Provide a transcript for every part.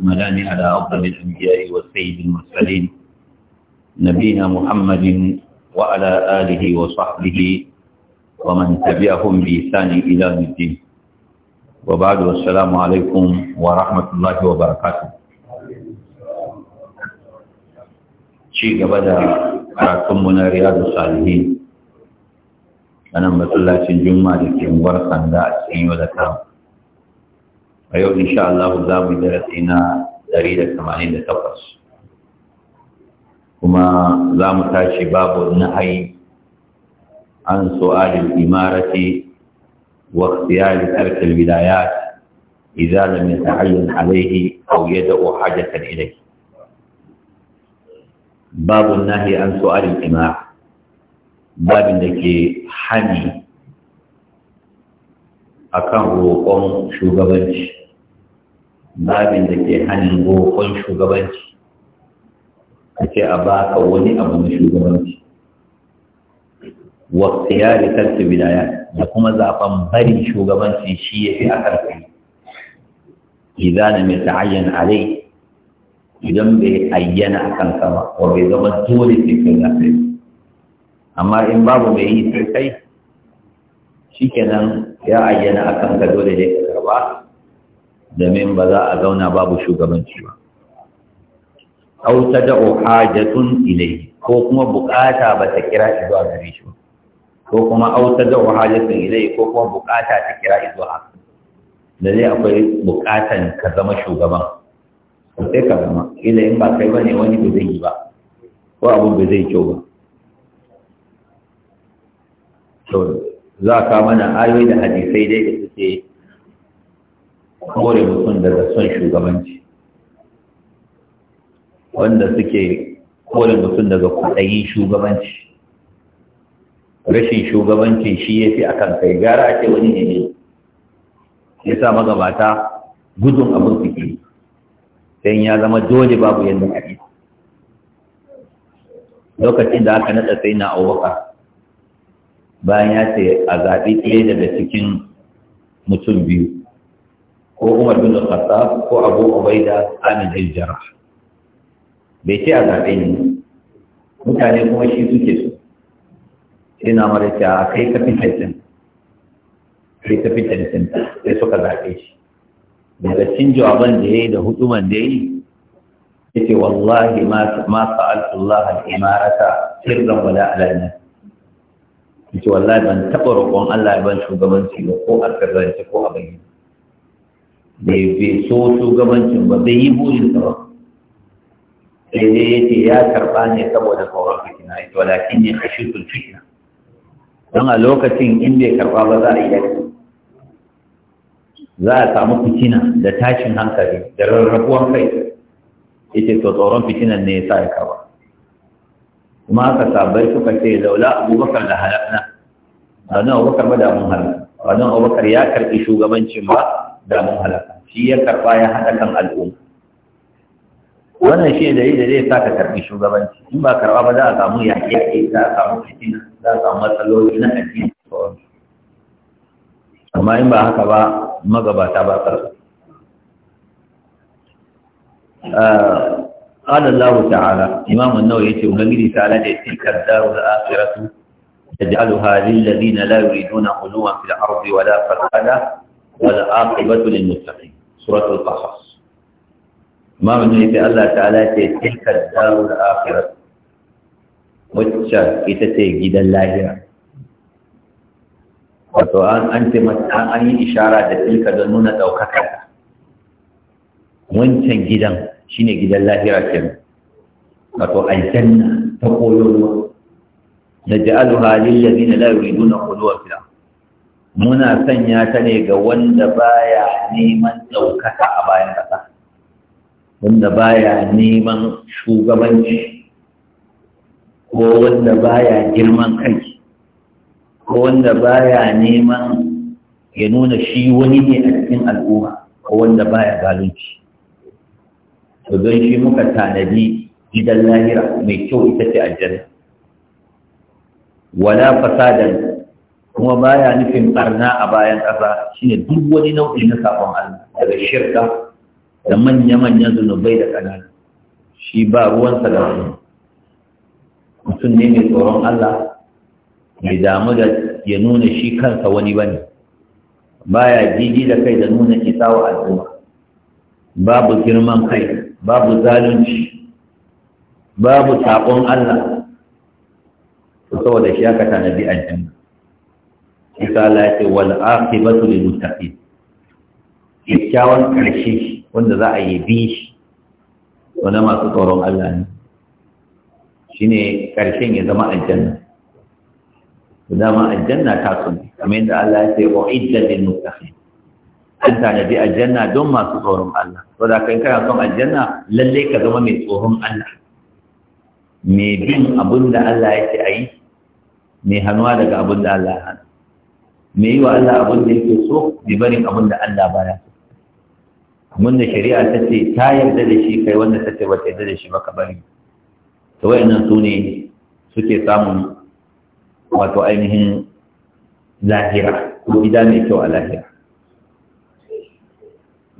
الأكملان على أفضل الأنبياء والسيد المرسلين نبينا محمد وعلى آله وصحبه ومن تبعهم بإحسان إلى الدين وبعد والسلام عليكم ورحمة الله وبركاته شيء بدأ كراتمنا رياض الصالحين أنا مثلا جمعة لكي مبارك عند أسعين وذكرم a yau insha Allah za mu darasi na 188 kuma za mu tashi babu nahyi an so al-imarati wa ikhtiyar tark al-wilayat idza lam yata'ayyan alayhi aw yad'u hajatan ilayhi babu nahyi an so al-imara babin da ke hani akan roƙon shugabanci babin da ke hannun gofon shugabanci a ce a baka wani abu na shugabanci wa tsayari tarki bidaya da kuma zafan bari shugabanci shi ya fi a karfi idan mai ta'ayyan alai idan bai ayyana a kanka ba wa bai zama dole sai kai amma in babu mai yi sai kai kenan ya ayyana a kanka dole ne ka karba domin ba za a zauna babu shugabanci ba da oha hajatun ilai ko kuma bukata ba ta kira zuwa gari shi ba ko kuma aw da hajatun ilai ko kuma bukata ta kira zuwa da zai akwai bukatan ka zama shugaban ko sai ka zama ila in ba kai ba ne wani ba zai yi ba ko abu ba zai kyau ba to za ka mana ayoyi da hadisai dai da suke kore mutum daga son shugabanci wanda suke kore mutum daga kudayin shugabanci rashin shugabancin shi ya fi akan kai gara a wani ne ne ya sa magabata gudun abin suke sai ya zama dole babu yadda a lokacin da aka naɗa sai na abubakar bayan ya ce a zaɓi ɗaya daga cikin mutum biyu ko Umar bin al Khattab ko Abu Ubaida an al-Jarrah bai ce a zaɓe ne mutane kuma shi suke so Ina na mara cewa kai ka fi tantan kai ka fi tantan sai suka zaɓe shi daga cin jawaban da ya yi da huduman da ya yi ya ce wallahi ma fa'altullah al'imarata sirran wala alani ya wallahi ban taɓa roƙon Allah ban shugabanci ba ko a sirrance ko a bayyana bai so shugabancin ba bai yi burin sa ba sai dai ya ce ya karɓa ne saboda tsoron fitina ita shi ne a shirin fitina don a lokacin in bai karɓa ba za a iya za a samu fitina da tashin hankali da rarrabuwan kai ya to tsoron fitinan ne ya sa ya karɓa kuma aka sabai suka ce laula abubakar da halakna a nan abubakar ba da mun halakna a nan abubakar ya karɓi shugabancin ba da mun shi ya karɓa ya haɗa kan al'umma wannan shi da yadda zai sa ka karɓi shugabanci in ba karɓa ba za a samu yaƙi yaƙi za a samu fitina za a samu matsaloli na addini amma in ba haka ba magabata ba karɓa قال الله تعالى إمام النووي يقول ونجد تعالى تلك الدار الآخرة تجعلها للذين لا يريدون علوا في الأرض ولا فسادا والعاقبه للمتقين سوره القصص ما من يتي الله تعالى تلك الدار الاخره متشا يتتي جد الله وتوان انت ما اي اشاره تلك دون دوكك من كان جدا شنو جد الله كم wato aljanna ta koyo nuwa da ja'aluha lil ladina la muna sanya ta ne ga wanda baya neman ɗaukaka a bayan ƙasa wanda baya neman shugabanci ko wanda baya girman kai ko wanda baya neman ya nuna shi wani ne a cikin al'umma ko wanda baya zalunci to don shi muka tanadi gidan lahira mai kyau ita ce aljanna wala fasadan kuma baya nufin barna a bayan ƙasa shine duk wani nau'i na sabon Allah daga shirka da manya-manyan zunubai da ƙanana shi ba ruwansa da wani mutum ne mai tsoron Allah mai damu da ya nuna shi kansa wani bane baya jiji da kai da nuna isa wa al'umma babu girman kai babu zalunci babu saƙon Allah saboda shi aka tanadi aljanna isa Allah ya ce ba su lil tafi kyakkyawan karshe wanda za a yi bi shi wanda masu tsoron Allah ne shine karshen ya zama aljanna dama aljanna ta sun kamar yadda Allah ya ce idan lil tafi an tanadi aljanna don masu tsoron Allah da kai kana son aljanna lalle ka zama mai tsoron Allah mai bin abin da Allah ya ce a yi, mai hannuwa daga abin da Allah ya hannu me yi wa Allah abin da yake so bi barin abin da Allah baya so abin da shari'a ta ce ta yarda da shi kai wanda ta ce ba ta yarda da shi ba ka bari to wayannan su ne suke samun wato ainihin lahira ko gida mai kyau a lahira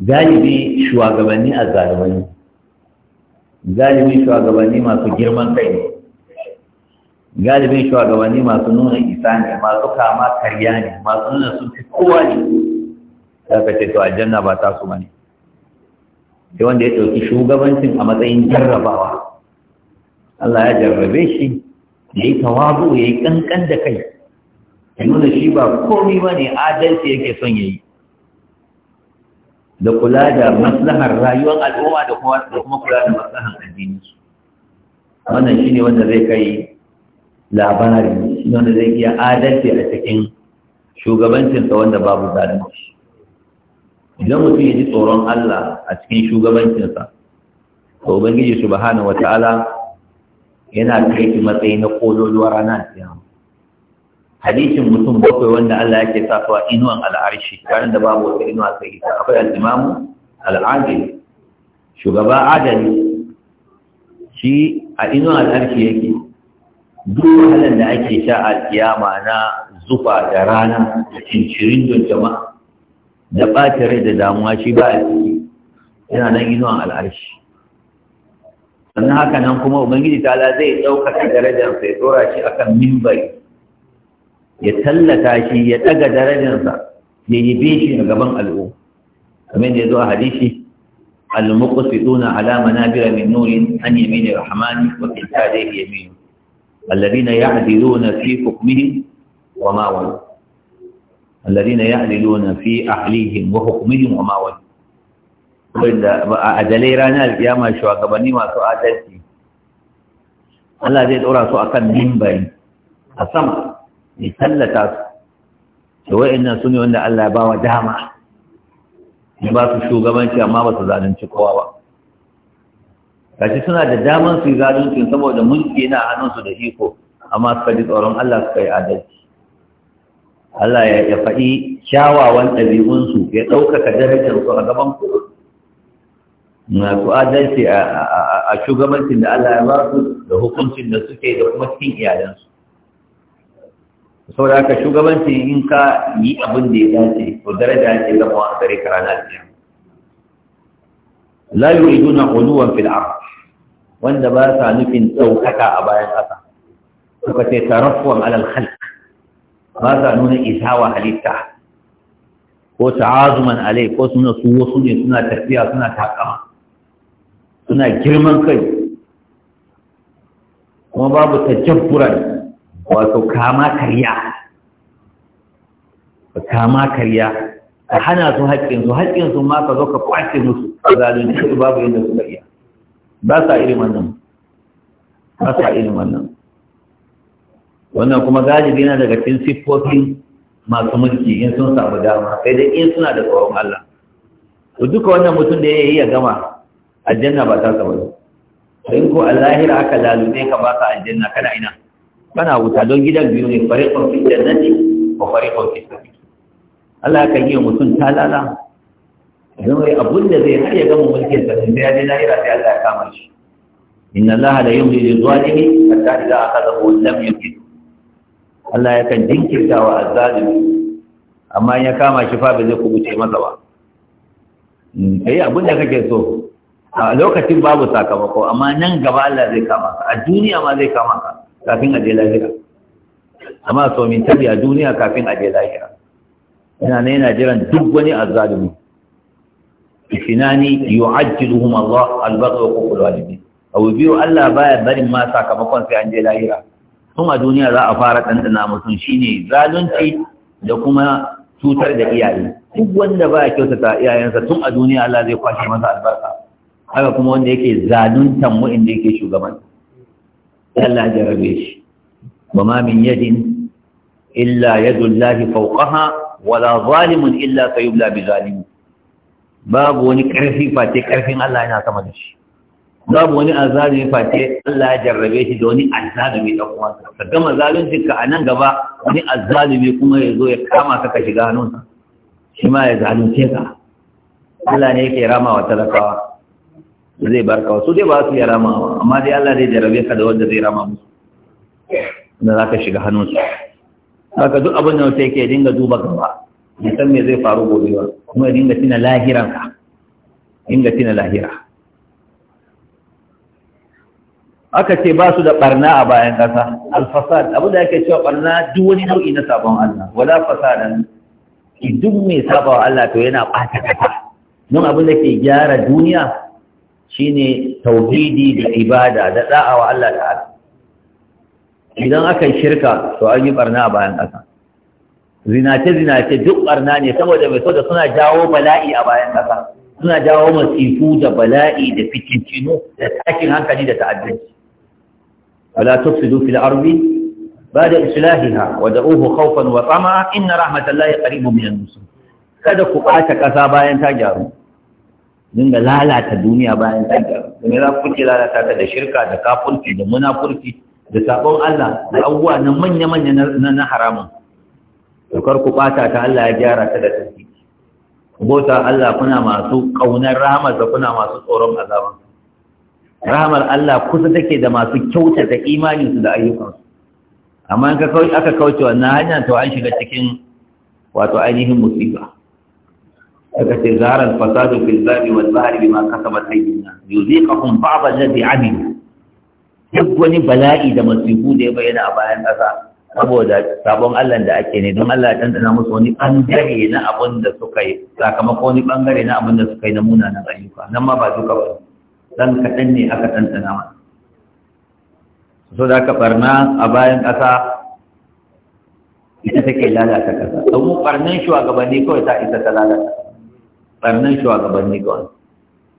galibi shugabanni a zalumai galibi shugabanni masu girman kai ne galibin shugabanni masu nuna isa ne masu kama karya ne masu nuna sun fi kowa ne ka ce to janna ba ta su mani sai wanda ya ɗauki shugabancin a matsayin jarrabawa Allah ya jarrabe shi ya yi tawazu ya yi kankan da kai ya nuna shi ba komi ba ne adalci yake son ya yi da kula da maslahar rayuwar al'umma da kuma kula da maslahar addininsu wannan shi ne wanda zai kai labari shi wanda zai iya adalci a cikin shugabancinsa wanda babu zalunci idan mutum ya ji tsoron Allah a cikin shugabancinsa to ubangiji subhanahu wata'ala yana kai shi matsayi na kololuwa rana kiyama hadisin mutum bakwai wanda Allah yake sa a inuwan al'arshi ranar da babu wata inuwa sai ita akwai al-adil shugaba adali shi a inuwan al'arshi yake duk wahalar da ake sha alkiyama na zufa da rana da cincirin don jama'a da ɓata rai da damuwa shi ba a ciki yana nan inuwan al'arshi sannan haka nan kuma ubangiji tala zai ɗaukaka darajarsa ya tsora shi akan mimbari ya tallata shi ya ɗaga darajarsa ya yi shi a gaban al'umma kamar da ya zo a hadishi al-muqsiduna ala manabira min nurin an yamini rahmani wa fi tadayhi yamin alladhina ya'diluna fi hukmihim wa ma walu alladhina wa hukmihim wa ma walu wanda a adalai masu adalci Allah zai tsora su akan mimbari a sama ya tallata su da wa'annan su ne wanda Allah ya ba wa dama ya ba su shugabanci amma ba su zalunci kowa ba Kashi suna da daman su yi zaluncin saboda mulki yana hannunsu da iko amma suka ji tsoron Allah suka yi adalci Allah ya faɗi kyawawan ɗabi'unsu ya ɗaukaka darajarsu a gaban ku na ku adalci a shugabancin da Allah ya ba su da hukuncin da suke da kuma cikin iyalansu saboda haka shugabanci in ka yi abin da ya dace to daraja ce ga mawa gare ka rana biya la yuriduna uluwan fil ard wanda ba sa nufin ɗaukaka a bayan ƙasa suka ce tarafuwan alal halk ba sa nuna isawa halitta ko ta'azuman alai ko suna su wasu ne suna tafiya suna takama suna girman kai kuma babu tajabburan wato kama karya kama karya a hana su haƙƙinsu haƙƙinsu ma ka zo ka kwace musu a zalunci babu yadda suka iya ba sa irin wannan ba sa irin wannan wannan kuma galibi na daga cin siffofin masu mulki in sun samu dama sai dai in suna da tsoron Allah to duka wannan mutum da ya yi ya gama aljanna ba ta saba ba sai ko alahira aka lalube ka ba ka aljanna kana ina kana wuta don gidan biyu ne fariqun fi jannati wa fariqun fi sabil Allah kan yi mutum talala don mai abun da zai har ya gama mulkin sa tun na lahira da Allah ya kama shi inna Allah la yumli lil zalimi hatta aka akhadahu lam yumli Allah ya kan dinkirta wa azzalimi amma in ya kama shi fa ba zai kubuce masa ba mm, kai abun da kake so a lokacin babu sakamako amma nan gaba Allah zai kama ka a duniya ma zai kama ka kafin a je lahira amma so min tabi a duniya kafin a je lahira ina ne yana jiran duk wani azzalimi ithnani yu'ajjiluhum Allah al-baghy wa uqul walidin abu biyu Allah baya barin ma sakamakon sai an je lahira tun a duniya za a fara ɗanɗana mutum shine zalunci da kuma cutar da iyaye duk wanda baya kyautata iyayensa tun a duniya Allah zai kwashe masa albarka haka kuma wanda yake zaluntan mu da yake shugaban Allah ya rabe shi wa ma min yadin illa yadu Allah wala zalimun illa sayubla bi zalim babu wani ƙarfi face ƙarfin Allah yana sama da shi babu wani azabi face Allah ya jarrabe shi da wani azabi da kuma ka gama zalunci ka a nan gaba wani azalimi kuma ya zo ya kama ka ka shiga hannunsa shi ma ya zalunce ka Allah ne yake rama wa talakawa zai bar ka wasu dai ba su yi rama amma dai Allah zai jarrabe ka da wanda zai rama musu da za ka shiga hannunsa haka duk abin da wata yake dinga duba gaba ya san me zai faru gobe ba kuma ya dinga tina lahiranka. dinga tina lahira aka ce ba su da barna a bayan ƙasa alfasad abu da ake cewa barna duk wani nau'i na sabon Allah wala fasadan duk mai saba wa Allah to yana ɓata ƙasa don abin da ke gyara duniya shine tauhidi da ibada da da'awa Allah ta'ala idan aka yi shirka to an yi barna a bayan ƙasa zinace zinace duk barna ne saboda mai so suna jawo bala'i a bayan kasa suna jawo masifu da bala'i da fitintinu da tashin hankali da ta'addanci wala tufsidu fil ardi ba'da islahiha wa da'uhu khawfan wa tama'a inna rahmatallahi qaribun minal muslimin kada ku bata ƙasa bayan ta gyaru dinga lalata duniya bayan ta gyaru me za ku ce lalata ta da shirka da kafirci da munafurci da sabon Allah da abubuwa na manya-manya na haramun dokar ku ɓata ta Allah ya gyara ta da tafi bota Allah kuna masu ƙaunar rahamar da kuna masu tsoron azaban Rahamar Allah kusa take da masu kyautata imanin su da ayyukan amma in ka aka kauce wannan hanya to an shiga cikin wato ainihin musiba aka ce zaharar fasadu fil zabi wal bahri bima kasabat aydina yuziqahum ba'd alladhi 'amilu duk wani bala'i da masifu da ya bayyana a bayan ƙasa saboda sabon Allah da ake ne don Allah ya tantana musu wani bangare na abin da suka yi sakamako wani bangare na abin da suka yi na munanan ayyuka nan ma ba duka ba dan kaɗan ne aka tantana? ma so da aka barna a bayan ƙasa ita take lalata ƙasa domin barnan shugabanni kawai ta isa ta lalata barnan shugabanni kawai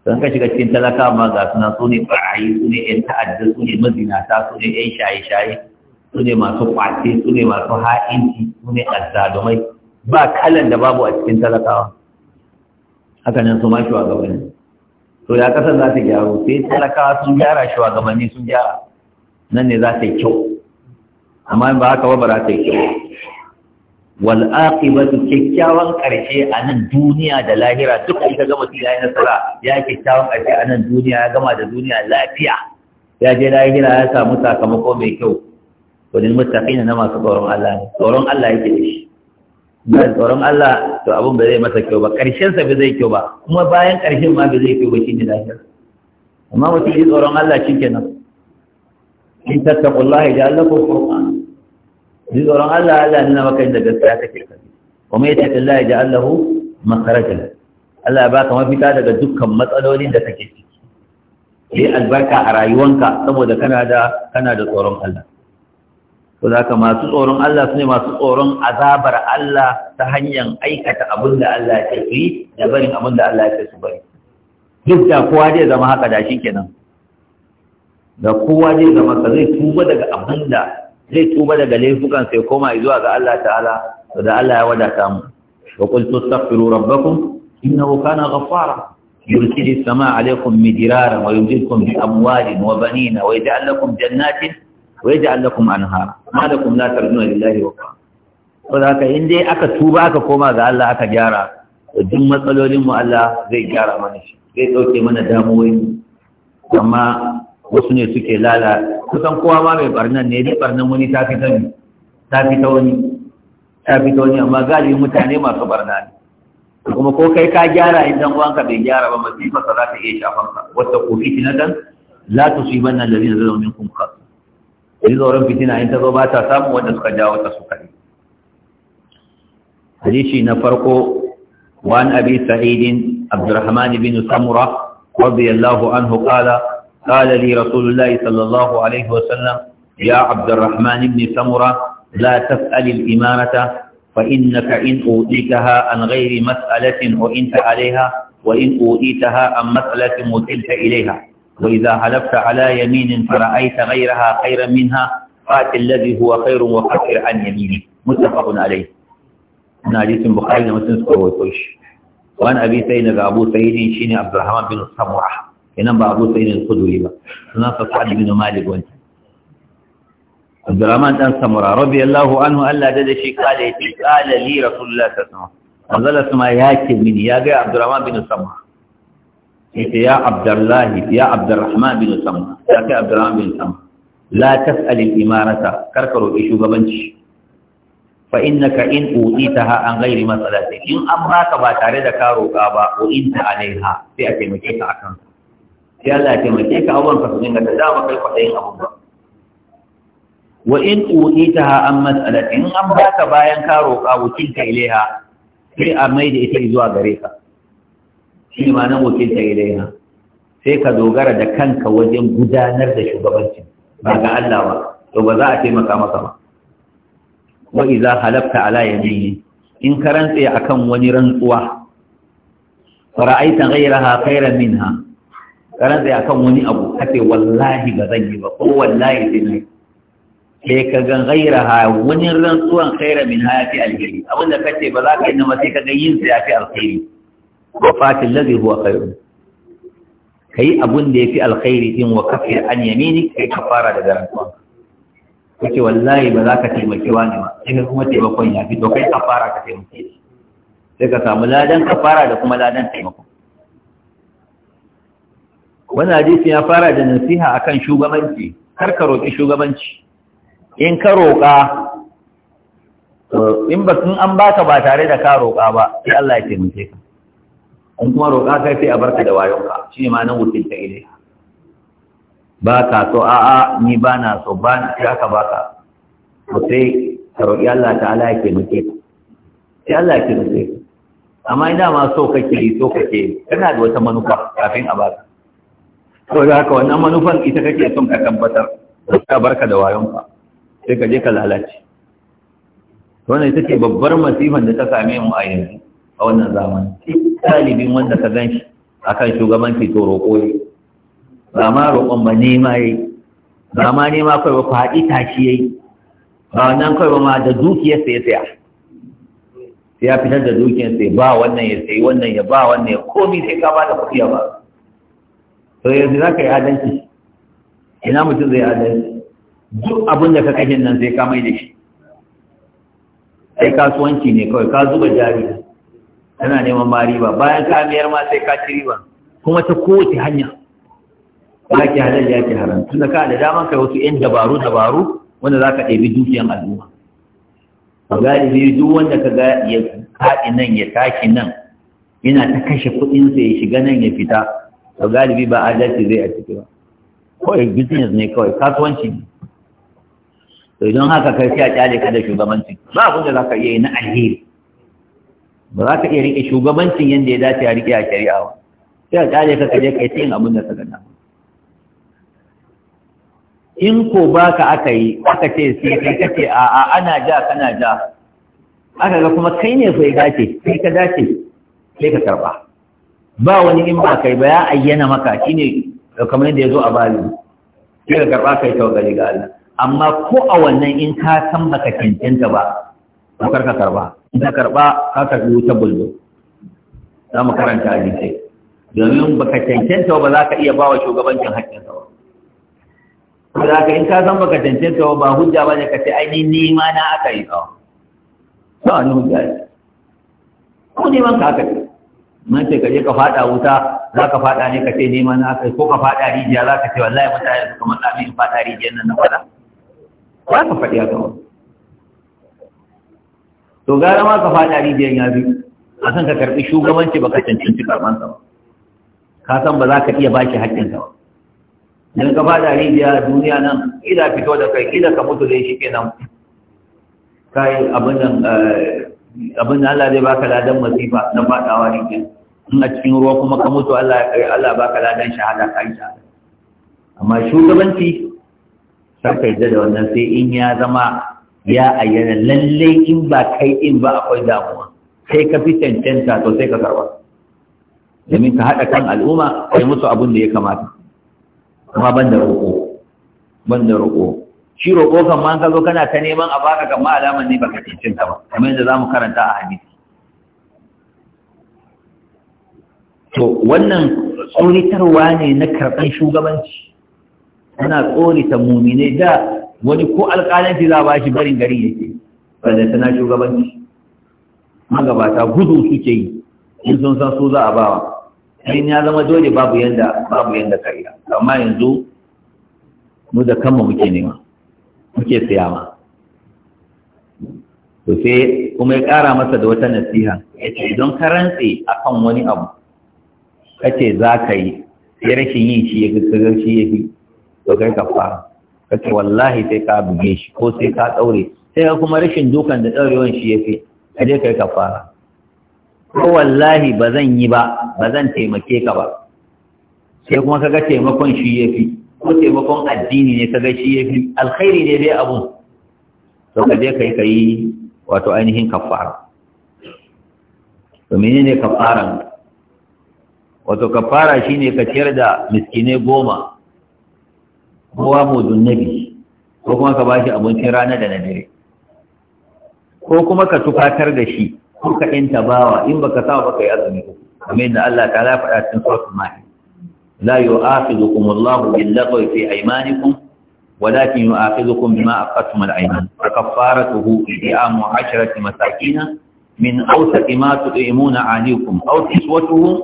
don ka shiga cikin talaka ma ga suna su ne ɓarayi su ne 'yan ta'adda su ne mazinata su ne 'yan shaye-shaye su ne masu kwace su ne masu ha'inci su ne azzalumai ba kalan da babu a cikin talakawa haka nan su ma shugabanni to ya kasar za ta gyaru sai talakawa sun gyara shugabanni sun gyara nan ne za ta yi kyau amma ba haka ba ba za ta yi kyau wal aqibatu kikkiawan karshe a nan duniya da lahira duka ita gama mutum yayi nasara ya kikkiawan karshe a nan duniya ya gama da duniya lafiya ya je lahira ya samu sakamako mai kyau wajen mutaƙina na masu tsoron Allah ne tsoron Allah yake da shi ba tsoron Allah to abin ba zai masa kyau ba ƙarshensa ba zai kyau ba kuma bayan ƙarshen ma ba zai kyau ba shi ne lafiya amma mutum yi tsoron Allah shi kenan in tattaqullahi da Allah ko Qur'an yi tsoron Allah Allah nuna maka inda gaskiya kake kafi kuma ya taƙallahi da Allah makarajan Allah ba ka mafita daga dukkan matsalolin da kake ciki yi albarka a rayuwanka saboda kana da kana da tsoron Allah ko za ka masu tsoron Allah su ne masu tsoron azabar Allah ta hanyar aikata abin da Allah ya ce su yi da barin abin da Allah ya ce su bari duk da kowa zai zama haka da shi kenan da kowa zai zama ka zai tuba daga abin da zai tuba daga laifukan sai koma zuwa ga Allah ta'ala to da Allah ya wadata mu wa qul tastaghfiru rabbakum innahu kana ghaffara yursilu as-samaa'a 'alaykum midrara wa yumdidukum bi amwalin wa banina wa yaj'al lakum jannatin wai ji allakum anha kuma latar nuna lillahi wa fa to haka in dai aka tuba aka koma ga Allah aka gyara to duk matsalolin mu Allah zai gyara mana shi zai dauke mana damuwai. amma wasu ne suke lala kusan kowa ma mai barnan ne dai barnan wani ta fi sani ta fi wani ta fi ta wani amma galibi mutane masu barna ne kuma ko kai ka gyara idan wanka bai gyara ba masifa sa za ta iya shafar ka wata kofi tinatan la tusibanna alladhina zalamu minkum khas ji tsoron fitina in ta zo ba ta samu wanda suka jawo ta suka yi na farko wa an abi sa'idin abdurrahman Bin samura radiyallahu anhu qala qala li rasulullahi sallallahu alaihi wasallam ya abdurrahman Bin samura la tas'al al imarata fa innaka in utikaha an ghairi mas'alatin wa anta alaiha wa in utitaha an mas'alatin mutilta ilaiha وإذا حلفت على يمين فرأيت غيرها خيرا منها فات الذي هو خير وخير عن يمينه متفق عليه هنا حديث البخاري ومسلم ويقولش وعن أبي سيدنا أبو سيدي شيني عبد الرحمن بن الصموح إنما أبو سيدي القدوي هنا سعد بن مالك وانت عبد الرحمن بن سمرة رضي الله عنه ألا ددشي قال إيه؟ قال لي رسول الله صلى الله عليه وسلم أنزل اسمه ياكل مني يا عبد الرحمن بن الصموح yace ya abdullahi ya abdurrahman bin sam ya kai abdurrahman bin sam la tas'al al-imarata karka roki shugabanci fa innaka in utitaha an ghairi masalati in an baka ba tare da ka roka ba ko in ta alaiha sai a taimake ka akan sai Allah ya taimake ka abubuwan ka su dinga ta dama kai kwaɗayin abun ba wa in utitaha an in an baka bayan ka roka wucin ka ilaiha sai a mai da ita zuwa gare ka shi ne ma'anar wakilta ilaiha sai ka dogara da kanka wajen gudanar da shugabancin ba ga Allah ba to ba za a taimaka maka ba wa idza halafta ala yamini in ka rantse akan wani rantsuwa fara'aita ghayraha khairan minha ka rantse akan wani abu kace wallahi ba zan yi ba ko wallahi sai ne sai ka gan gairaha wani rantsuwan khairan minha ya fi alheri abinda kace ba za ka yi na sai ka ga yin sai ya fi alheri wa fatil ladhi huwa khairu kai abun da yafi alkhairi din wa kafir an yaminik kai kafara da garantuwa kace wallahi ba za ka taimaki wani ba sai ka kuma taimakon ya fito kai kafara ka taimake shi sai ka samu ladan kafara da kuma ladan taimako wannan hadisi ya fara da nasiha akan shugabanci kar ka roki shugabanci in ka roka in ba sun an baka ba tare da ka roƙa ba sai Allah ya taimake ka in kuma roƙa kai sai a barka da wayonka shi ne ma nan wucin ta ile ba ka so a'a ni ba na so ba na shi haka ba ka ko sai ka roƙi Allah ta'ala ya taimake ka sai Allah ya taimake amma ina ma so kake yi so kake kana da wata manufa kafin a baka ko da haka wannan manufan ita kake son ka tabbatar ka barka da wayonka sai ka je ka lalace wannan ita ce babbar masifan da ta same mu a yanzu a wannan zamani ɗalibin wanda ka gan shi a kan shugabanci to roƙo ne ba ma roƙon ba nema yi ba ma nema kawai ba ku tashi yi ba wannan kawai ba ma da dukiyarsa ya saya sai ya fitar da dukiyarsa ya ba wannan ya sayi wannan ya ba wannan ya komi sai ka ba da kuɗi ba to yanzu za ka yi adalci ina mutum zai adalci duk abin da ka kashe nan sai ka mai da shi sai kasuwanci ne kawai ka zuba jari Tana neman ma riba bayan ka miyar ma sai ka ci riba kuma ta kowace hanya ba ki halal ya ki haram tunda ka da daman kai wasu yan dabaru dabaru wanda za ka ɗebi dukiyan al'umma a galibi duk wanda ka ga ya kaɗi nan ya taki nan yana ta kashe kuɗinsa ya shiga nan ya fita a galibi ba adalci zai a ciki ba kawai business ne kawai kasuwanci ne to idan haka kai sai a kyale ka da shugabanci ba abin da za ka iya yi na alheri ba za ka iya riƙe shugabancin yadda ya dace a riƙe a shari'a ba sai a kare ka kaje kai yin abin da saka nan in ko ba ka aka yi aka ce sai kai ka ce a'a ana ja kana ja aka ga kuma kai ne fa ya dace sai ka dace sai ka karba ba wani in ba kai ba ya ayyana maka shine kamar yadda ya zo a bali sai ka karba kai tawagali ga Allah amma ko a wannan in ka san baka cancanta ba kar ka karba ita karba ka karbi wuta bulbul za mu karanta sai. domin baka cancanta ba za ka iya bawa shugabancin haƙƙinsa ba ko da ka in ka san ka cancanta ba hujja ba ne ka ce ainihin nema na aka yi tsawa ba wani hujja ne ko neman ka aka yi man ce ka je ka faɗa wuta za ka faɗa ne ka ce nema na aka yi ko ka faɗa rijiya za ka ce wallahi mutane suka matsa min faɗa rijiyar nan na faɗa ba ka faɗi haka ba. to gara ma ka faɗa rijiyar ya biyu a san ka karɓi shugabanci ba ka cancanci karɓansa ba ka san ba za ka iya bashi ka ba don ka faɗa rijiya duniya nan ila fito da kai ila ka mutu da shi kenan kai abin nan eh, abin da Allah zai baka ladan masifa na faɗawa rijiya in a cikin ruwa kuma ka mutu Allah Allah baka ladan shahada yi shahada amma shugabanci sai ka yadda da wannan sai in ya zama ya ayyana lalle in ba kai in ba akwai damuwa sai ka fi cancanta to sai ka karba domin ka haɗa kan al'umma kai musu abin da ya kamata kuma ban da roƙo ban da roƙo shi roƙo kan ma ka zo kana ta neman a baka kan ma alamar ne baka cancanta ba kamar yadda za mu karanta a hadisi to wannan tsoritarwa ne na karɓar shugabanci ana tsorita mumine da wani ko alƙalanci za a ba shi barin gari ya yake wanda tana shugabanci magabata gudu suke yi in sun san su za a bawa in ya zama dole babu yanda babu yanda kariya amma yanzu mu da kanmu muke nema muke siyama to sai kuma ya ƙara masa da wata nasiha ya ce idan ka rantse a kan wani abu ka ce za ka yi sai rashin yin shi ya shi ya fi to kai ka fara ka ce wallahi sai ka buge shi ko sai ka daure sai ka kuma rashin dukan da daurewan shi ya fi ka je kai kafara ko wallahi ba zan yi ba ba zan taimake ka ba sai kuma kaga taimakon shi ya fi ko taimakon addini ne kaga shi ya fi alkhairi ne dai abun to kaje kai ka yi wato ainihin kafara to mene ne kafaran wato kafara shine ka ciyar da miskine goma kowa mudun nabi ko kuma ka bashi abincin rana da na dare ko kuma ka tufatar da shi ko ka yanta bawa in baka sa ba ka yi azumi ko kamar yadda Allah ta la faɗa cikin suratul ma'idah la yu'akhidhukum Allahu bil-laghwi fi aymanikum ولكن يؤاخذكم بما أخذتم الأيمان فكفارته إطعام عشرة مساكين من أوسط ما تطعمون أهليكم أو كسوتهم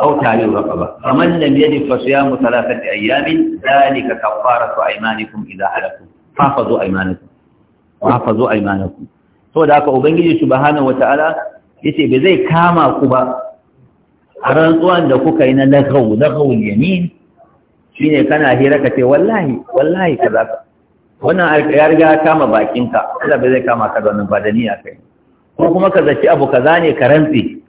أو تعليل رقبة فمن لم يجد فصيام ثلاثة أيام ذلك كفارة أيمانكم إذا حلفتم حافظوا أيمانكم حافظوا أيمانكم to da aka ubangiji subhanahu wataala yace ba zai kama ku ba a rantsuwan da kuka yi na lagawu lagawul yamin shine kana hira ka ce wallahi wallahi kaza ka wannan ya riga kama bakinka Allah ba kama ka da wannan badaniya kai ko kuma ka zaci abu kaza ne ka rantsi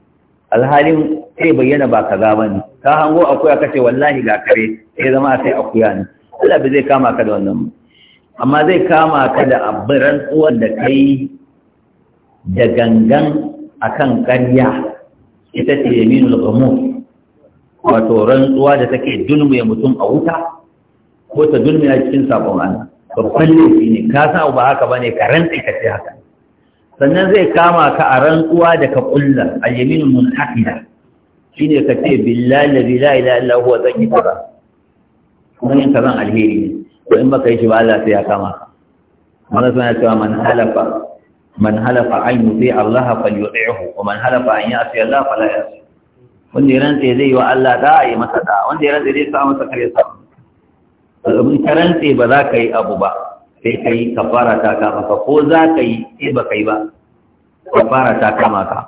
alhalin sai bayyana ba kaza ba ne ka hango akuya kace wallahi ga kare sai zama sai akuya ne Allah ba zai kama ka da wannan amma zai kama ka da abin uwar da kai da gangan akan ƙarya ita ce yaminul ghamus wato rantsuwa da take dulmiya mutum a wuta ko ta dulmiya cikin sabon ana. babban laifi ne ka sa ba haka bane ka rantsa ka ce haka sannan zai kama ka a rantsuwa da ka kulla a yaminin Shi ne ka ce billahi la ilaha illa huwa zan yi kaza kuma yin kazan alheri ne to in baka yi shi ba Allah sai ya kama ka mana suna cewa man halafa man halafa an yuti Allah falyuti'hu wa man halafa an ya'si Allah fala ya'si wanda ya rantse zai yi wa Allah da yi masa da wanda ya rantse zai sa masa kare sa domin ka rantse ba za ka yi abu ba sai ka yi kafara ta kama ka ko za ka yi sai ba ka yi ba kafara ta kama ka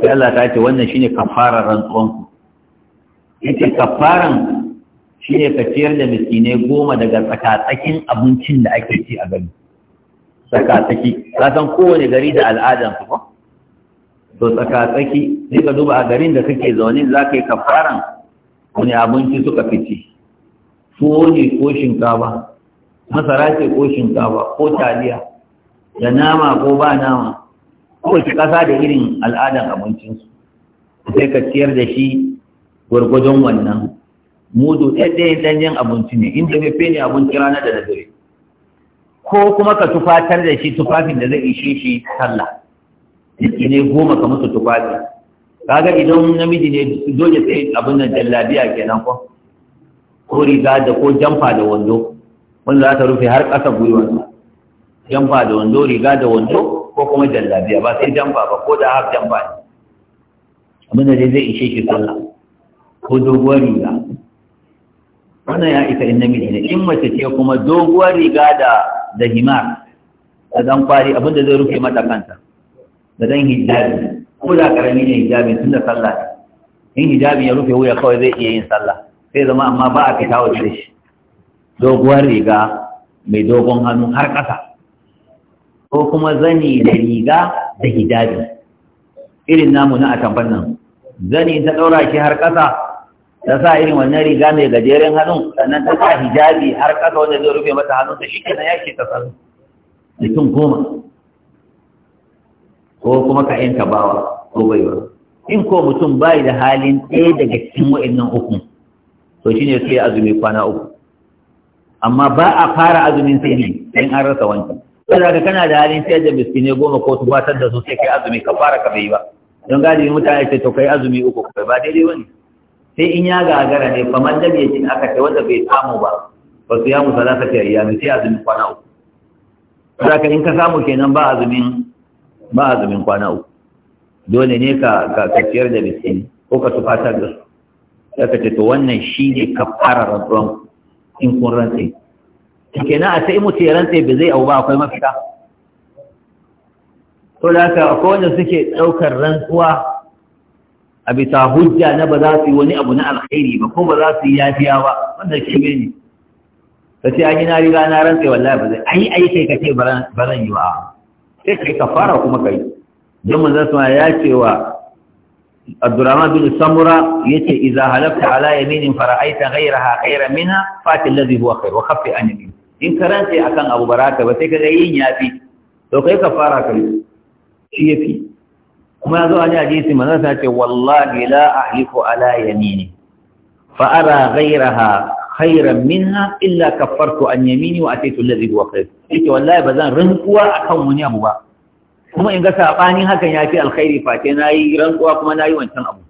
sai Allah ta ce wannan shine ku. rantsuwanku ita kafaran shine ka ciyar da miskinai goma daga tsakatsakin abincin da ake ci a gari tsakatsaki ka san kowane gari da al'adan su ba to tsakatsaki sai ka duba a garin da kake zaune za ka yi kafaran wani abinci suka fice ko ne ko shinkafa masara ce ko shinkafa ko taliya da nama ko ba nama ko shi ƙasa da irin al'adan abincinsu sai ka ciyar da shi gwargwadon wannan mudu ɗanɗayin ɗanyen abinci ne inda mai fene abinci rana da dare ko kuma ka tufatar da shi tufafin da zai ishe shi sallah jiki ne goma ka musu tufafi kaga idan namiji ne dole sai abin nan jallabiya kenan ko ko riga da ko jamfa da wando wanda za ta rufe har ƙasa gwiwarsa jamfa da wando riga da wando ko kuma jallabiya ba sai jamfa ba ko da haf jamfa ne abin da zai ishe shi sallah ko doguwar riga wannan ya isa in namiji ne in mace ce kuma doguwar riga da da himar da dan kwari abin da zai rufe mata kanta da dan hijabi ko da karami ne hijabi tun da sallah in hijabi ya rufe wuya kawai zai iya yin sallah sai zama amma ba a fita waje da shi doguwar riga mai dogon hannu har ƙasa ko kuma zani da riga da hijabi irin namu na atambar nan zani ta ɗaura shi har ƙasa ta sa irin wannan riga mai gajeren hannun sannan ta sa hijabi har ƙasa wanda zai rufe mata hannun ta shi kenan ya ce ta sanu mutum goma ko kuma ka yanka bawa ko bai ba. in ko mutum bai da halin ɗaya daga cikin wa'innan uku to shine sai azumi kwana uku amma ba a fara azumin sai ne in an rasa wancan Kada ka kana da halin sayar da miskine goma ko tubatar da su sai kai azumi ka fara ka bai ba don gadi mutane sai to kai azumi uku kai ba daidai wani sai in ya gagara ne kamar da bai cin aka ce wanda bai samu ba ba su yamu za ta ya yami sai azumin kwana uku Kada in ka samu kenan ba azumin ba azumin kwana uku dole ne ka ka ciyar da miskine ko ka fatar da su sai ka ce to wannan shi ne kafarar rantsuwan in kun rantse na a sai mutu ya rantse ba zai abu ba akwai mafita to da haka akwai wanda suke ɗaukar rantsuwa a bisa hujja na ba za su yi wani abu na alkhairi ba ko ba za su yi yafiya ba wanda shi ne ka ce an yi na riga na rantse wallahi ba zai an yi aiki ka ce ba zan yi ba sai ka yi kafara kuma kai don zan suna ya ce wa Abdurrahman bin Samura yace idza halafta ala yaminin fara'aita ghayraha khayran minha fati alladhi huwa khayr wa khaffi an yamin in karanta akan Abu Baraka ba sai kaga yin yafi to kai ka fara kai shi yafi kuma yazo an hadisi manzo sa ce wallahi la ahlifu ala yamini fa ara ghayraha khayran minha illa kaffartu an yamini wa ataitu alladhi huwa khayr yace wallahi bazan rinkuwa akan wani abu ba kuma in ga saɓanin hakan ya fi alkhairi fate na yi rantsuwa kuma na yi wancan abu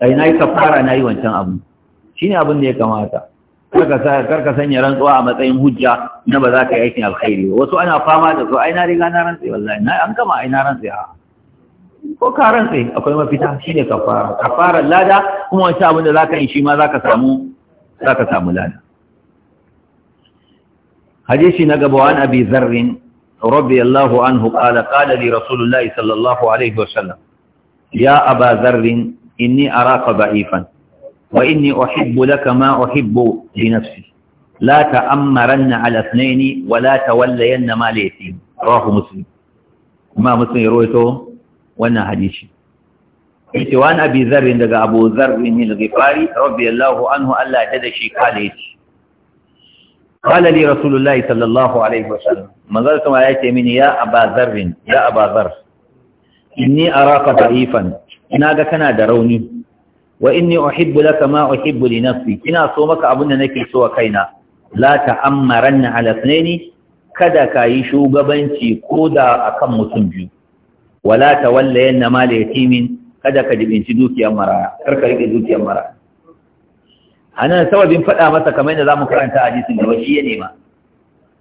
ai na yi kafara na yi wancan abu shi ne abin da ya kamata karka sanya rantsuwa a matsayin hujja na ba za ka yi aikin alkhairi ba wasu ana fama da su ai na riga na rantsi wallahi na an gama ai na rantsi a ko ka rantsi akwai mafita shi ne kafara kafarar lada kuma wancan abin da za ka yi shi ma za ka samu za ka samu lada hadisi na gaba wani abi zarrin رضي الله عنه قال قال لي رسول الله صلى الله عليه وسلم يا أبا ذر إني أراك ضعيفا وإني أحب لك ما أحب لنفسي لا تأمرن على اثنين ولا تولين ما ليتين رواه مسلم ما مسلم يرويته وانا حديثي yace wa abi zarrin daga abu zarrin al-ghifari radiyallahu anhu Allah ya tada shi kale shi قال لي رسول الله صلى الله عليه وسلم منظر كما يأتي مني يا أبا ذر يا أبا ذر إني أراك ضعيفا إناك كان دروني وإني أحب لك ما أحب لنفسي إنا صومك أبن نكي سوى كينا لا تأمرن على اثنين kada ka yi shugabanci ko da akan mutum biyu wala tawallayanna mal yatimin kada ka jibinci dukiyar maraya kar ka rike dukiyar maraya a nan sababin faɗa masa kamar yadda za mu karanta a jisun da shi ya nema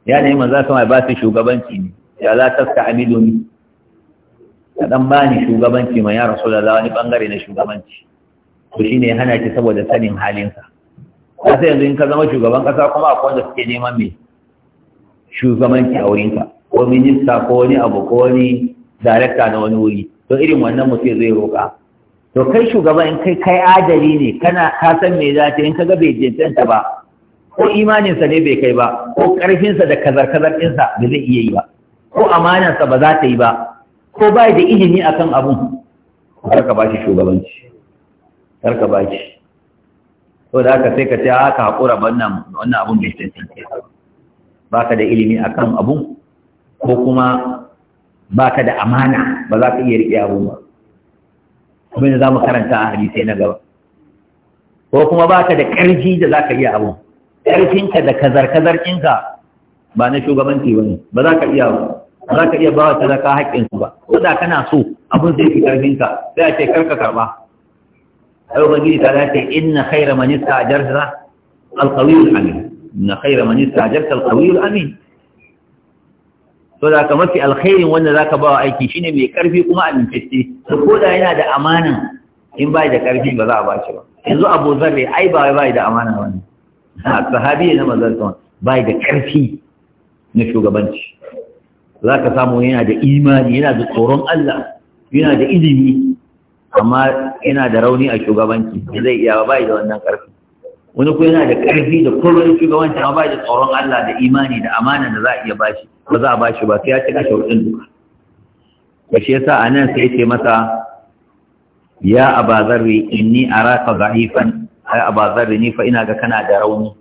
ya nema za su mai ba su shugabanci ne ya za ta ta amido ni ka ɗan ba ni shugabanci mai ya rasu da za wani ɓangare na shugabanci to shi ne hana ki saboda sanin halinsa ka sai yanzu in ka zama shugaban ƙasa kuma a kowanne suke neman mai shugabanci a wurinka ko minista ko wani abu ko wani darakta na wani wuri to irin wannan mutum zai roƙa to kai shugaba in kai kai adali ne kana ka san me za ta in kaga bai jintanta ba ko imaninsa ne bai kai ba ko ƙarfinsa da kazar-kazar ɗinsa ba zai iya yi ba ko amanarsa ba za ta yi ba ko ba da ilimi akan abun karka ba shi shugabanci karka ba shi to da haka sai ka ce haka ah, haƙura wannan wannan abun bai cancanta ba ka da ilimi akan abun ko kuma ba ka da amana ba za ka iya riƙe abun ba abinda za mu karanta a hadisai na gaba ko kuma ba ka da ƙarfi da za ka iya abu ƙarfinka da kazar-kazar ɗinka ba na shugabanci ba ne ba za ka iya ba za ka iya ba wa talaka haƙƙinsu ba ko da kana so abin zai fi ƙarfinka sai a ce karka karɓa ai ubangiji ta za ta inna khaira man istajarta alqawiyul amin inna khaira man istajarta alqawiyul amin to da ka mafi alkhairin wanda za ka ba wa aiki shine mai karfi kuma amintacce to ko da yana da amanan in bai da karfi ba za a ba shi ba yanzu Abu Zarri ai ba bai da amana wani sahabi ne manzon sa bai da karfi na shugabanci ka samu yana da imani yana da tsoron Allah yana da ilimi amma yana da rauni a shugabanci zai iya ba bai da wannan karfi wani ko yana da ƙarfi da kullum shugabanci amma ba da tsoron Allah da imani da amana da za a iya bashi ba za a bashi ba sai ya cika sharuɗin duka ba shi yasa a nan sai ce masa ya abazarri inni araka za'ifan ya abazarri ni fa ina ga kana da rauni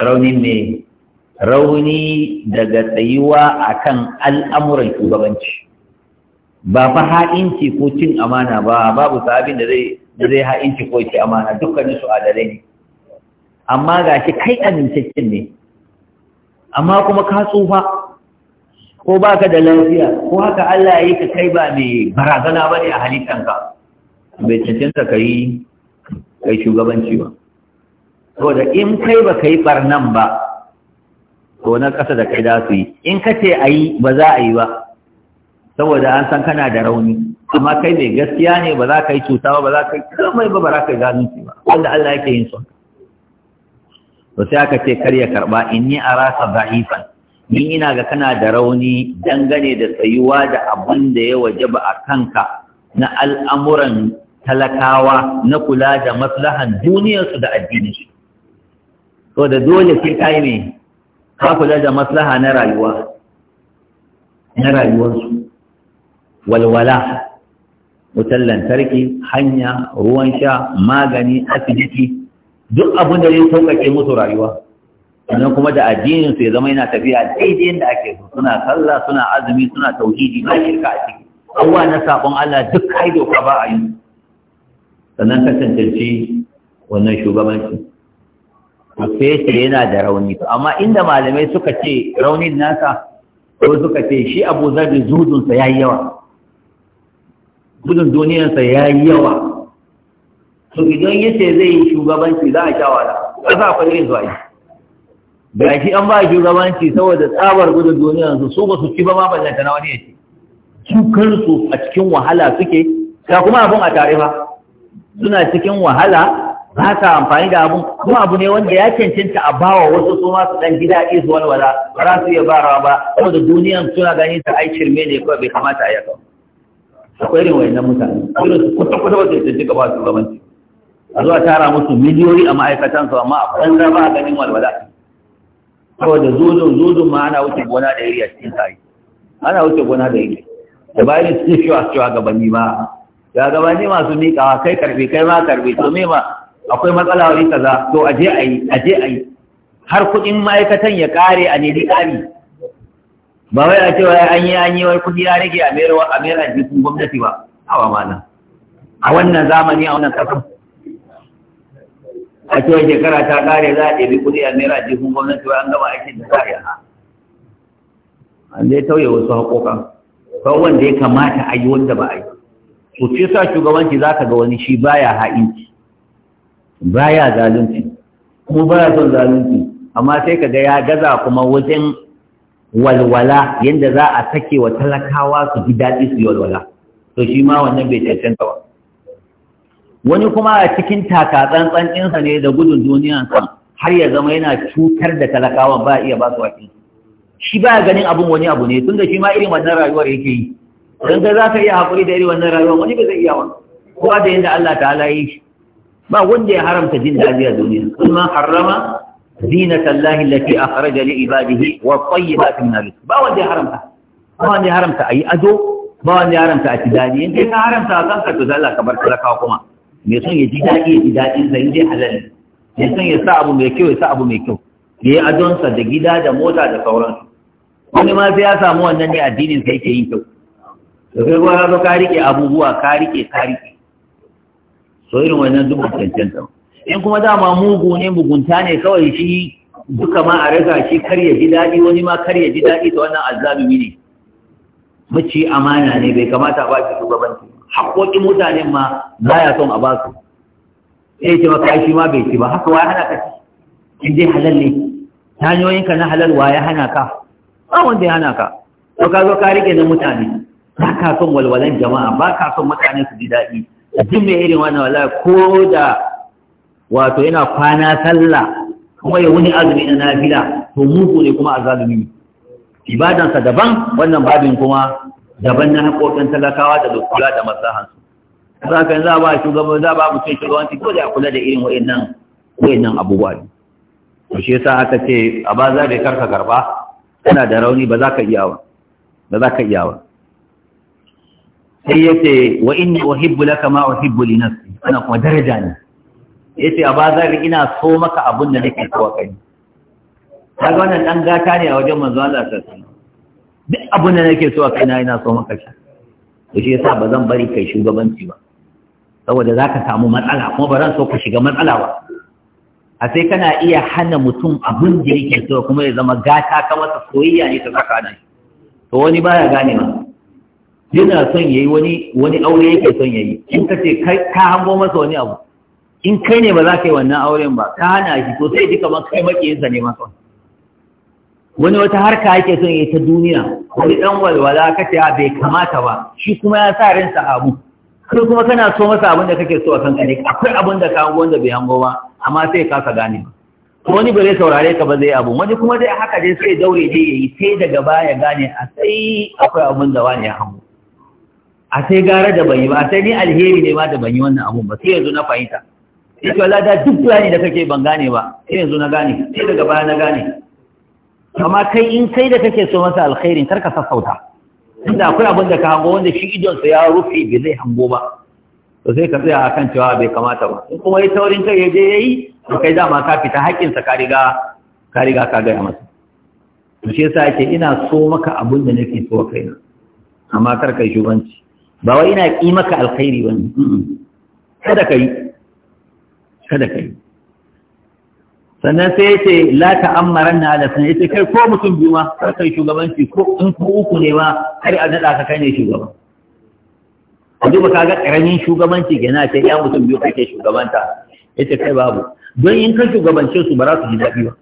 rauni ne rauni daga tsayuwa akan al'amuran shugabanci ba fa ha'inci ko cin amana ba babu sabin da zai zai ha'inci ko ci amana dukkanin su adalai ne amma ga shi kai amintaccen ne amma kuma ka tsufa ko ba ka da lafiya ko haka Allah ya yi ka kai ba mai barazana ba ne a halittanka mai cancanta ka yi kai shugabanci ba saboda in kai ba ka yi ɓarnan ba to na ƙasa da kai su yi in ka ce a yi ba za a yi ba saboda an san kana da rauni amma kai mai gaskiya ne ba za ka yi cuta ba ba za ka yi kamai ba ba za ka yi zalunci ba wanda Allah yake yin son to sai aka ce kar ya karba inni arasa dha'ifa ni ina ga kana da rauni dangane da tsayuwa da abin da ya wajaba a kanka na al'amuran talakawa na kula da maslahan duniyarsu da su to da dole sai kai ne ka kula da maslaha na rayuwa na rayuwarsu walwala wutar lantarki hanya ruwan sha magani asibiti duk abin da zai sauƙaƙe musu rayuwa sannan kuma da addinin su ya zama yana tafiya daidai yadda ake so suna sallah suna azumi suna tauhidi ba shirka a ciki abuwa na sabon Allah duk kaido ka ba a yi sannan ka tantance wannan shugabanci to sai yana da rauni amma inda malamai suka ce raunin nasa ko suka ce shi Abu Zarri ya yayi yawa gudun duniyarsa yayi yawa to idan ya ce zai yi shugabanci za a sha wala ba za a kwaye yin zuwa ga shi an ba shugabanci saboda tsabar gudun duniya su su ba su ci ba ma ballanta na wani ya ce su kansu a cikin wahala suke ga kuma abun a tare ba suna cikin wahala za ka amfani da abun kuma abu ne wanda ya cancanta a bawa wasu su masu dan gida isu walwala ba za su iya barawa ba saboda duniya suna gani ta ai shirme ne kawai bai kamata a yi akwai irin wayannan mutane irin su kwata kwata ba su yi ba su gabanci a zuwa tara musu miliyoyi a ma'aikatansu amma a banza ba a ganin walwala saboda zuzun zuzun ma ana wuce gona da iri a cikin sa'i ana wuce gona da iri da bayan su shiwa cewa gabanni ba ya gabanni masu miƙawa kai karbe kai ma karbe to me ma akwai matsala wani kaza to je a yi je a yi har kuɗin ma'aikatan ya ƙare a nemi ƙari ba wai a cewa an yi an yi wai kuɗi ya rage a mera jikin gwamnati ba hawa mana a wannan zamani a wannan ƙasar a cewa shekara ta ƙare za a ɗebi kuɗi a naira jihun gwamnati wa an gama aikin da za a yi an dai tauye wasu haƙoƙan kawai wanda ya kamata a yi wanda ba a yi to ce sa shugabanci za ka ga wani shi baya ha'inci baya zalunci kuma baya son zalunci amma sai ka ga ya gaza kuma wajen walwala yadda za a sake wa talakawa su ji daɗi su yi walwala to shi ma wannan bai cancanta ba wani kuma a cikin takatsantsan ɗinsa ne da gudun duniyan kan har ya zama yana cutar da talakawan ba iya ba su wakil shi ba ganin abin wani abu ne tun da shi ma irin wannan rayuwar yake yi don ka za ka iya haƙuri da irin wannan rayuwar wani ba zai iya wani kowa da yadda Allah ta'ala yi shi ba wanda ya haramta jin daɗi a duniya kun ma harrama zinata Allah a akhraja li ibadihi wa tayyibati min rizq ba wanda ya haramta ba wanda ya haramta a yi ado ba wanda ya haramta a tidani in ka haramta kanka to Allah ka bar talakawa kuma mai son ya ji daɗi ya ji daɗin sa zai halal mai son ya sa abu mai kyau ya sa abu mai kyau ya yi adonsa da gida da mota da sauransu wani ma sai ya samu wannan ne addinin sa yake yin kyau da kai kuma ka ka rike abubuwa ka rike ka rike so irin wannan duk cancanta in kuma dama mugu ne mugunta ne kawai shi duka ma a raga shi kar ya ji daɗi wani ma kar ya ji daɗi ta wannan azabi ne mace amana ne bai kamata ba ki shugabanci haƙoƙi mutanen ma ba ya son a ba su sai ce maka aiki ma bai ci ba haka waya hana ka ci in dai halal ne hanyoyin ka na halal wa ya hana ka ba wanda ya hana ka to ka zo ka riƙe na mutane ba ka son walwalan jama'a ba ka son mutane su ji daɗi duk mai irin wannan wala ko da wato yana kwana sallah kuma ya wuni azumi na nafila to mugu ne kuma azalumi ibadansa daban wannan babin kuma daban na haƙoƙin talakawa da kula da maslahansu za ka za ba shugaban za ba mutum shugabanci dole a kula da irin wa'annan wa'annan abubuwa ne to shi yasa aka ce a ba za bai karka karba yana da rauni ba za ka iya wa ba za ka iya wa sai yace wa inni uhibbu laka ma uhibbu li nafsi ana kuma daraja ne yace a ba za ina so maka abun da nake so kai kaga wannan dan gata ne a wajen manzo Allah sallallahu alaihi wasallam duk abin da nake so a kaina ina so maka shi to shi yasa ba zan bari kai shugabanci ba saboda zaka samu matsala kuma ba zan so ka shiga matsala ba a sai kana iya hana mutum abin da yake so kuma ya zama gata ka masa soyayya ne ta shi. to wani baya gane ma yana son yayi wani wani aure yake son yayi in ka ce kai ka hango masa wani abu in kai ne ba za ka yi wannan auren ba ka hana shi to sai duka ma kai makiyinsa ne masa wani wata harka yake son ya ta duniya wani dan walwala kace a bai kamata ba shi kuma ya sa ransa abu kai kuma kana so masa abin da kake so a kanka ne akwai abin da ka wanda bai hango ba amma sai ka ka gane ba wani bare saurare ka ba zai abu wani kuma dai haka dai sai daure dai yayi sai daga baya gane a sai akwai abin da wani ya hango a sai gara da bai ba a sai ni alheri ne ma da ban yi wannan abun ba sai yanzu na fahimta ita wala da duk fulani da kake ban gane ba sai yanzu na gane sai daga baya na gane amma kai in kai da kake so masa alkhairin karka sassauta inda akwai abin da ka hango wanda shi idonsa ya rufe bai zai hango ba to sai ka tsaya akan cewa bai kamata ba in kuma ya taurin kai ya je yayi to kai dama ka fita sa ka riga ka riga ka gaya masa to shi yasa yake ina so maka abin da nake so kaina amma kar kai shubanci ba wai ina ƙi maka alkhairi ne. kada kai kada kai sannan sai ya ce la ta'ammaran na ala ya ce kai ko mutum biyu ma kar kai shugabanci ko in ku uku ne ma kar a nada ka kai ne shugaba a duba ka ga karamin shugabanci kenan ce ya mutum biyu kake shugabanta Ya ce kai babu don in ka shugabance su ba za su ji daɗi ba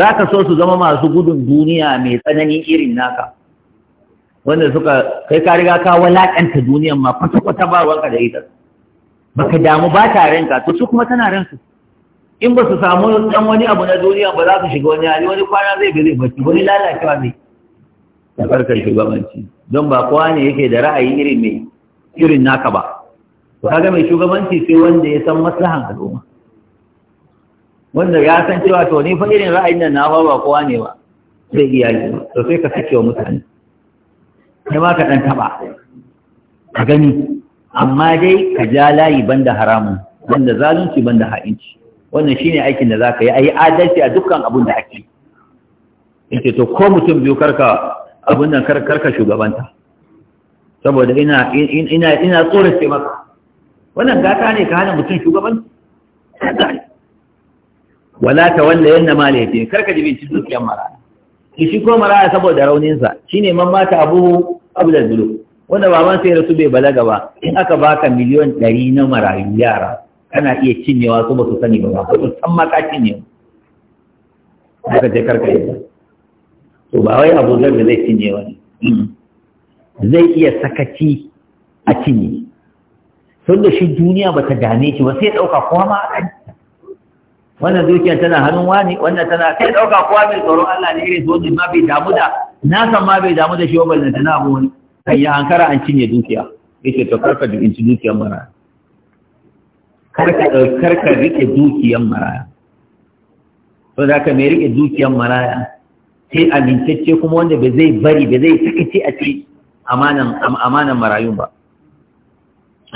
za ka so su zama masu gudun duniya mai tsanani irin naka wanda suka kai ka riga ka walaƙanta duniyan ma kwata-kwata ba wanka da ita baka damu ba ta ranka to su kuma tana ransu in ba su samu dan wani abu na duniya ba za su shiga wani hali wani kwana zai zai bacci wani lalacewa zai da farkar shugabanci don ba kowa ne yake da ra'ayi irin mai irin naka ba to kaga mai shugabanci sai wanda ya san maslahan al'umma wanda ya san cewa to ni fa irin ra'ayin nan na ba ba kowa ne ba zai iya yi to sai ka sake wa mutane kai ma ka dan taba ka gani amma dai ka ja layi banda haramun banda zalunci banda ha'inci wannan shine aikin da za ka yi a yi adalci a dukkan abun da ake ce to ko mutum biyu karka abin nan karka shugabanta saboda ina tsoron ce tsorace maka wannan gata ne ka hana mutum shugaban wala ta wanda yanna mala yace karka ji bincin dukiyar ki shi ko maraya saboda raunin sa shine man mata abu abu da zulu wanda baban sai rasu bai balaga ba in aka baka miliyon 100 na marayu yara kana iya cinyewa su ba su sani ba ba san ma ka cinye je ce karka yi to ba wai abu zai zai cinye wani zai iya sakaci a cinye tun da shi duniya ba ta dame shi ba sai ɗauka kowa ma a wannan dukiyar tana hannun wani wannan tana sai ɗauka kowa mai tsoron Allah ne irin sojin ma bai damu da na san ma bai damu da shi ba balle tana abu wani kan yi hankara an cinye dukiya yake to karka in ci dukiyar mara karka ɗaukar ka riƙe dukiyan maraya to da ka mai riƙe dukiyan maraya sai amintacce kuma wanda ba zai bari ba zai takace a ce amanan marayun ba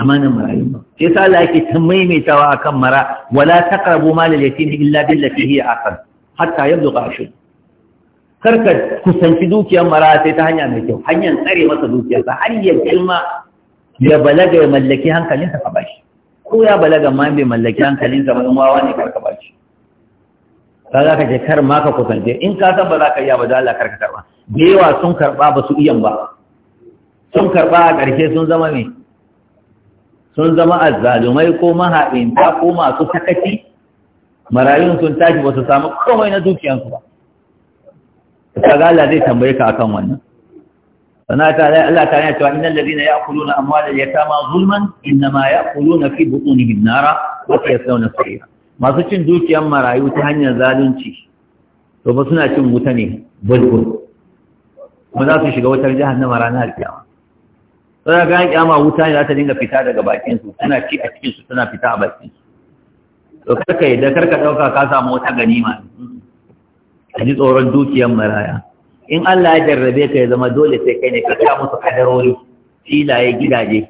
amanan marayun ba sai sa Allah yake ta maimaitawa akan mara wala taqrabu mal al-yatim illa billati hiya aqrab hatta yabluqa ashud karka kusanci dukiyan maraya sai ta hanya mai kyau hanyar tsare masa sa har ya girma ya balaga ya mallaki hankalinsa ka bashi ko ya balaga ma bai mallaki hankalin ka mun wawa ne karka ba shi ka za ka ce kar ma ka kusance in ka san ba za ka iya ba da Allah karka karba da yawa sun karba ba su iyan ba sun karba a ƙarshe sun zama ne sun zama azzalumai ko mahaɗinta ko masu sakaci marayun sun tashi ba su samu komai na dukiyansu ba ga Allah zai tambaye ka akan wannan sana ta da Allah ta yana cewa innal ladina ya'kuluna amwalal yatama zulman innama ya'kuluna fi butunihim nara wa sayasawna sa'ira masu cin dukiyan marayu ta hanyar zalunci to ba suna cin wuta ne bulbul ba za su shiga wutar jahannama ranar kiyama sai ga kiyama wuta ne za ta dinga fita daga bakin su tana ci a cikin su tana fita a bakin su to karka yadda karka dauka ka samu wata ganima a ji tsoron dukiyan maraya in Allah ya jarrabe ka ya zama dole sai kai ne ka sa musu kadarori filaye gidaje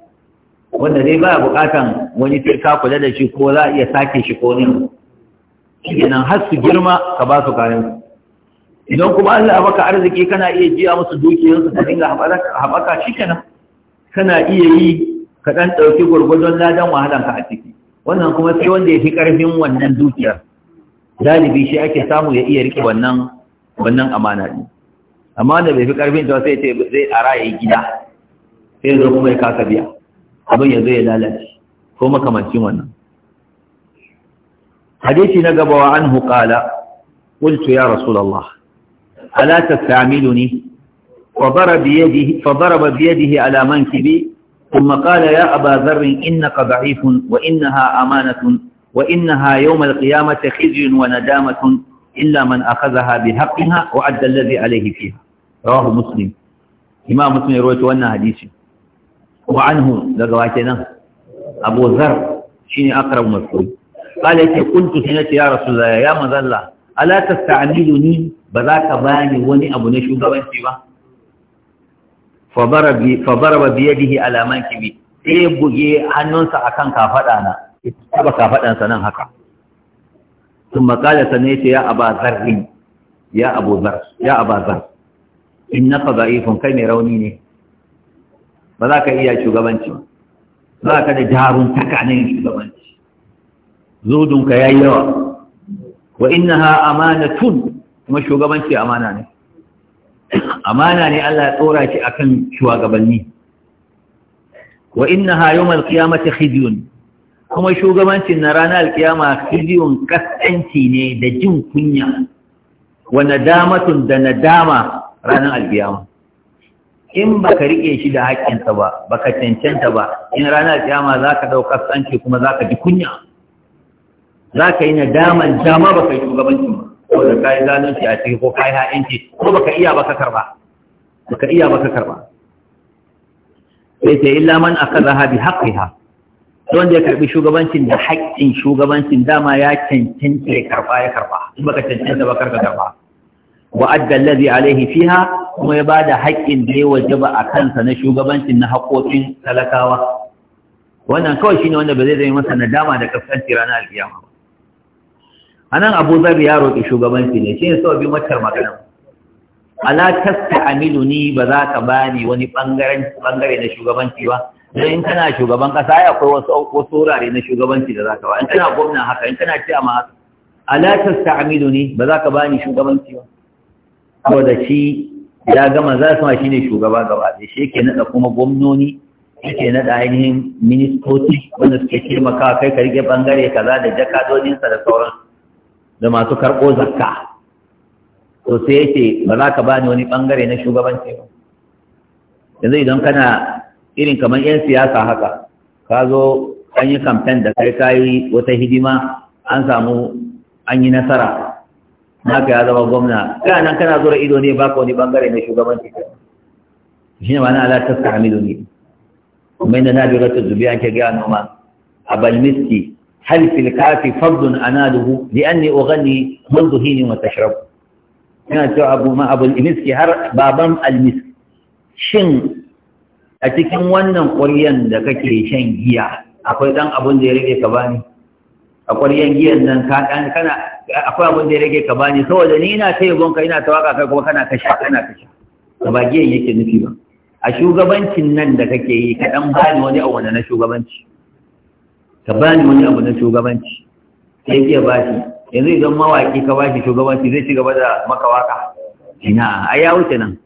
wanda zai ba bukatan wani firka kula da shi ko za a iya sake shi ko ne kenan har su girma ka ba su kayan idan kuma Allah baka arziki kana iya jiya musu dukiyarsu ka dinga haɓaka shi kenan kana iya yi ka ɗan ɗauki gwargwadon ladan ka a ciki wannan kuma sai wanda ya fi ƙarfin wannan dukiyar galibi shi ake samu ya iya riƙe wannan wannan amana ɗin amma da bai fi karfin ta sai ce zai tsara ya yi gida sai zo kuma ya kasa biya abin ya zo ya lalace ko makamancin wannan hadisi na gaba wa anhu qala qultu ya rasulullah ala tastamiluni wa daraba biyadihi fa daraba biyadihi ala mankibi ثم قال يا أبا ذر إنك ضعيف وإنها أمانة وإنها يوم القيامة خزي وندامة illa man akhadhaha bi haqqiha wa adda alladhi alayhi fiha rawahu muslim imam muslim rawaito wannan hadisi wa anhu daga wake nan. abu zar shine aqrab mas'ud qala yake kuntu sanati ya rasulullah ya mazalla ala tasta'miluni ba za ka bani wani abu na shugabanci ba fa baraba bi yadihi ala mankibi sai buge hannunsa akan kafada na taba kafadansa nan haka sun makala sannan ya ce ya aba zarrin ya abu zar ya aba zar in na ka ifin kai mai rauni ne ba za ka iya shugabanci ba za ka da jarun takanin shugabanci zudunka ya yi yawa wa inna ha amana tun kuma shugabanci amana ne amana ne Allah ya tsora shi akan shugabanni wa inna ha yawmal qiyamati khizyun kuma shugabancin na ranar alkiyama kijiyon kaskanci ne da jin kunya wa nadamatun da nadama ranar alkiyama in ba ka riƙe shi da haƙƙinsa ba ba ka cancanta ba in ranar alkiyama za ka ɗau kaskanci kuma za ka ji kunya za ka yi nadaman dama baka yi shugabancin ba ko da kayi zalunci a ciki ko kayi ha'inci ko ba ka iya baka karba baka iya baka karba sai sai illa man akazaha bi haqqiha wanda ya karbi shugabancin da haƙƙin shugabancin dama ya cancanta ya karba ya karba in baka cancanta ba karka karba wa adda allazi alaihi fiha kuma ya bada haƙƙin da ya wajaba a kansa na shugabancin na haƙoƙin talakawa wannan kawai shine wanda ba zai zama masa nadama da kaskanci ranar alkiyama ba anan Abu Zabi ya roƙi shugabanci ne shine sababin waccar magana ala tasta amiluni ba za ka bani wani bangaren bangare na shugabanci ba dan in kana shugaban kasa ya akwai wasu wurare na shugabanci da zaka ba in kana gwamna haka in kana cewa ma ala ne, ba za ka bani shugabanci ba saboda shi ya gama za su ma shine shugaba gaba da shi yake nada kuma gwamnoni yake nada ainihin ministoci wanda suke taimakawa kai ka rike bangare kaza da jakadodinsa da sauran da masu karɓo zakka to sai yake ba za ka bani wani bangare na shugabanci ba yanzu idan kana irin kamar 'yan siyasa haka ka zo an yi kamfen da kai ka yi wata hidima an samu an yi nasara Na naka ya zama gwamna kana nan kana zura ido ne baka wani bangare na shugabanci shi ne ba na alatar ta hamidu ne kuma inda na biyar ta zubi an ke gaya noma a balmiski hal fil kafi fardun ne, li anni ughni ne wata وتشرب ina cewa abu ma abul miski har baban almiski shin a cikin wannan ƙwaryan da kake shan giya akwai ɗan abin da ya rage ka bani a ƙwaryan giyan nan ka ɗan kana akwai abin da ya rage ka bani saboda ni ina ta yabon ka ina ta waka kai kuma kana kasha kana kasha da ba giyan yake nufi ba a shugabancin nan da kake yi ka ɗan bani wani abu na shugabanci ka bani wani abu na shugabanci sai ke ba shi yanzu idan mawaƙi ka ba shi shugabanci zai ci gaba da maka waka ina a ya wuce nan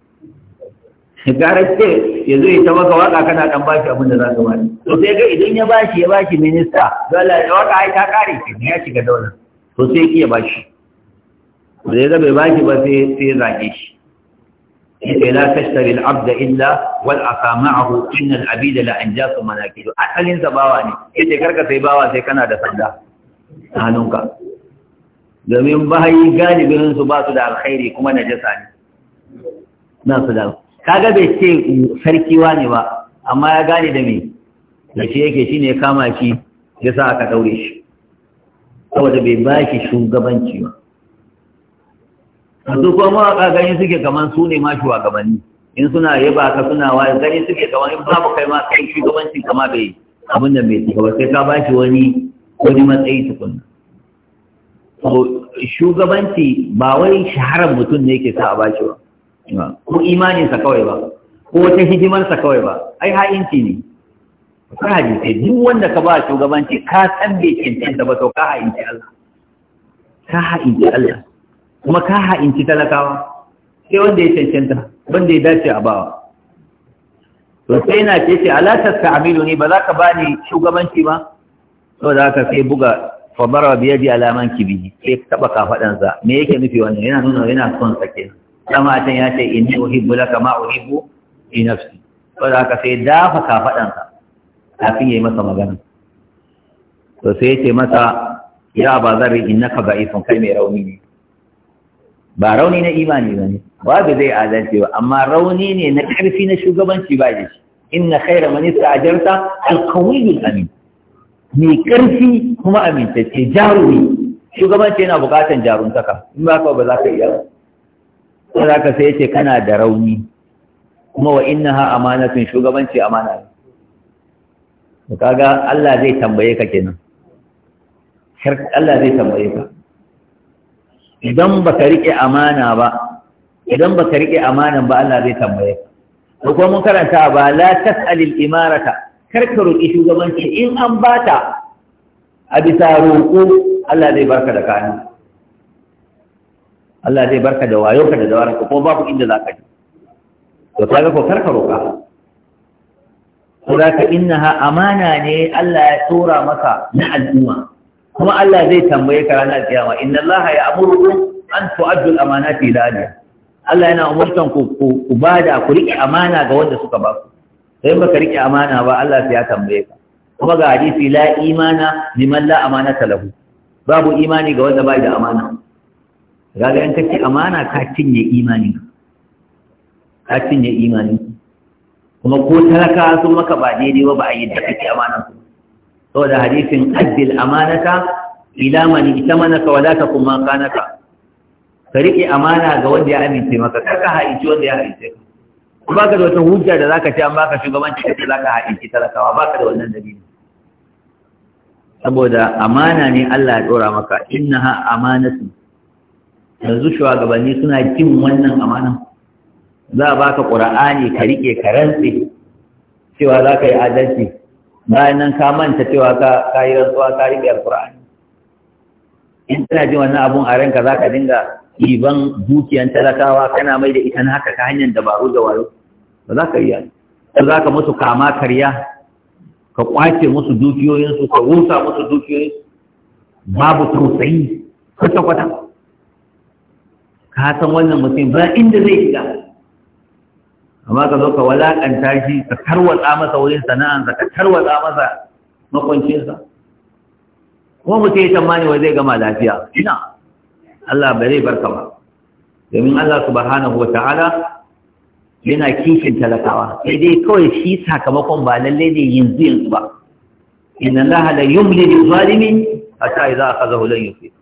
gara ce ya zo ya maka waka kana dan bashi abin da za ka bani to sai ga idan ya bashi ya bashi minista dole ya waka ai ta kare ki ya shiga daular to sai ki ya bashi da ya bai bashi ba sai sai zage shi sai la tashtari al-abda illa wal aqa ma'ahu inna al-abida la anjasu manakidu asalin zabawa bawa ne yace karka sai bawa sai kana da sanda hannunka domin bahayi galibin su ba su da alkhairi kuma najasa ne na su da kaga bai ce sarki ne ba amma ya gane da me da shi yake shi ne kama shi ya sa aka daure shi saboda bai ba shi shugabanci ba duk kuma mawaƙa gani suke kaman su ne ma shugabanni in suna ba ka suna wa gani suke kaman in babu kai ma kai shugabancin kama bai abin da bai ci, ba sai ka ba shi wani wani matsayi tukunna shugabanci ba wai shaharar mutum ne yake sa a ba shi ba ko imaninsa kawai ba ko wata hidimarsa kawai ba ai ha'inci ne ka hadisai duk wanda ka ba shugabanci ka san bai cancanta ba to ka ha'inci Allah ka ha'inci Allah kuma ka ha'inci talakawa sai wanda ya cancanta wanda ya dace a bawa to sai na ce ce ala amilu ne ba za ka bani shugabanci ba za ka sai buga fabara biyadi alaman kibi sai taɓa kafaɗansa me yake nufi wannan yana nuna yana son sake dama can ya ce inni uhibbu laka ma uhibbu fi nafsi to da sai dafa kafadansa kafin yayi masa magana to sai yace masa ya ba zarri innaka da'ifun kai mai rauni ne ba rauni na imani ba ne babu zai adalci ba amma rauni ne na karfi na shugabanci ba da shi inna khaira man ista'jarta al-qawiyyu amin mai karfi kuma amintacce jarumi shugabanci yana bukatan jaruntaka in ba ka ba za ka iya ba ko za ka sai yace kana da rauni kuma wa ha amanatun shugabanci amana ne kaga Allah zai tambaye ka kenan Allah zai tambaye ka idan baka rike amana ba idan baka rike amanan ba Allah zai tambaye ka ko mun karanta ba la tas'alil imarata karkaru roƙi shugabanci in an bata a bisa roƙo Allah zai barka da kayan Allah zai barka da wayo ka da dawaran ka ko babu inda za ka ji to kaga ko karka roƙa saboda innaha amana ne Allah ya tura maka na al'umma kuma Allah zai tambaye ka ranar kiyama inna Allah ya amuru an tu'addu al-amanati ila ahliha Allah yana umurtan ku ku bada ku rike amana ga wanda suka ba ku sai baka rike amana ba Allah sai ya tambaye ka kuma ga hadisi la imana liman la amanata lahu babu imani ga wanda bai da amana gaga yan ce amana ka cinye imani ka cinye imani kuma ko talaka sun maka ba daidai ba ba a yadda da kace amana su saboda hadisin addil amanata ila mana ka wala takum kuma kana ka riƙe amana ga wanda ya amince maka kar ka haici wanda ya haice ka ba ka da wata hujja da za ka ce an baka shugabanci ka ce za ka haici talakawa ba ka da wannan dalili saboda amana ne Allah ya dora maka innaha amanatu yanzu shugabanni suna jin wannan amana za a baka qur'ani ka rike ka rantse cewa za ka yi adalci bayan nan ka manta cewa ka yi rantsuwa ka rike alqur'ani in kana jin wannan abun a ranka za ka dinga ɗiban dukiyan talakawa kana mai da ita haka ta hanyar dabaru da wayo ba za ka yi yanzu ko za ka musu kama karya ka kwace musu dukiyoyinsu ka wusa musu dukiyoyinsu babu tausayi kwata-kwata ka san wannan mutum ba inda zai shiga amma ka zo ka walakanta shi ka tarwatsa masa wurin sana'ansa ka tarwatsa masa makwancinsa kuma mutum ya tamani wa zai gama lafiya ina Allah ba zai barka ba domin Allah subhanahu wa ta'ala yana kishin talakawa sai dai kawai shi sakamakon ba lalle ne yanzu yanzu ba inna Allah la yumli lil zalimin hatta idza akhadahu lan yusib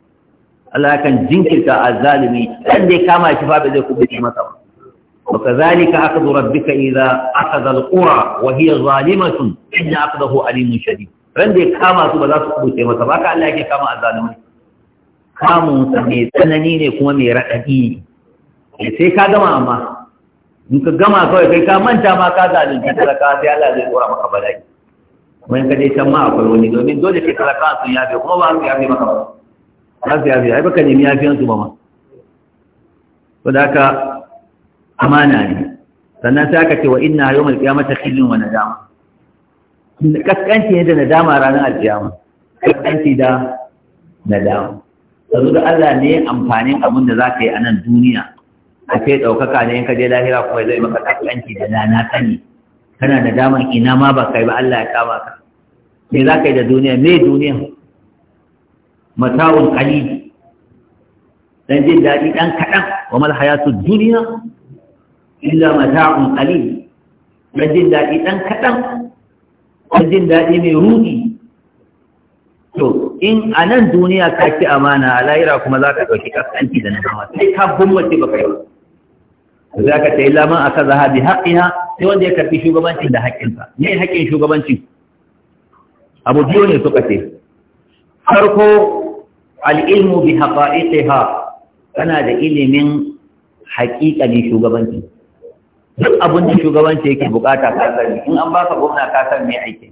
Allah kan jinkirta azzalimi dan dai kama shi fa ba zai kubuce masa ba wa kazalika akhdhu rabbika idha akhadha alqura wa hiya zalimatun inna akhdahu alimun shadid ran dai kama su ba za su kubuce masa ba ka Allah yake kama azzalimi kamun sa mai tsanani ne kuma mai radadi eh, sai ka gama amma in ka gama kawai kai ka manta ma ka zalunci talaka sai Allah zai kora maka bala'i Mun kade ka dai can ma akwai wani domin dole sai talaka sun yafe kuma ba su yafe maka ba Ba su yafe ai baka nemi su ba ma da aka amana ne sannan sai aka ce wa inna yawmal qiyamati khizun wa nadama kaskanci ne da nadama ranar alkiyama kaskanci da nadama saboda Allah ne amfanin abin da zaka yi a nan duniya a ce ɗaukaka ne in ka je lahira kuma zai maka kaskanci da dana sani kana da damar ina ma ba kai ba Allah ya kama ka me za ka yi da duniya me duniya mata'un qalil dan jin daɗi ɗan kaɗan wa mal hayatu duniya illa mata'un qalil dan jin daɗi ɗan kaɗan dan jin daɗi mai ruɗi to in a nan duniya ka ci amana a lahira kuma za ka ɗauki kaskanci da nama sai ka gummace baka yau za ka tayi laman aka zaha bi haƙƙiha sai wanda ya karɓi shugabancin da haƙƙinsa ne haƙƙin shugabanci abu biyu ne suka ce farko al'ilmu bi ha kana da ilimin haƙiƙanin shugabanci duk abin da shugabanci yake bukata kasar ne in an baka gwamna kasar mai me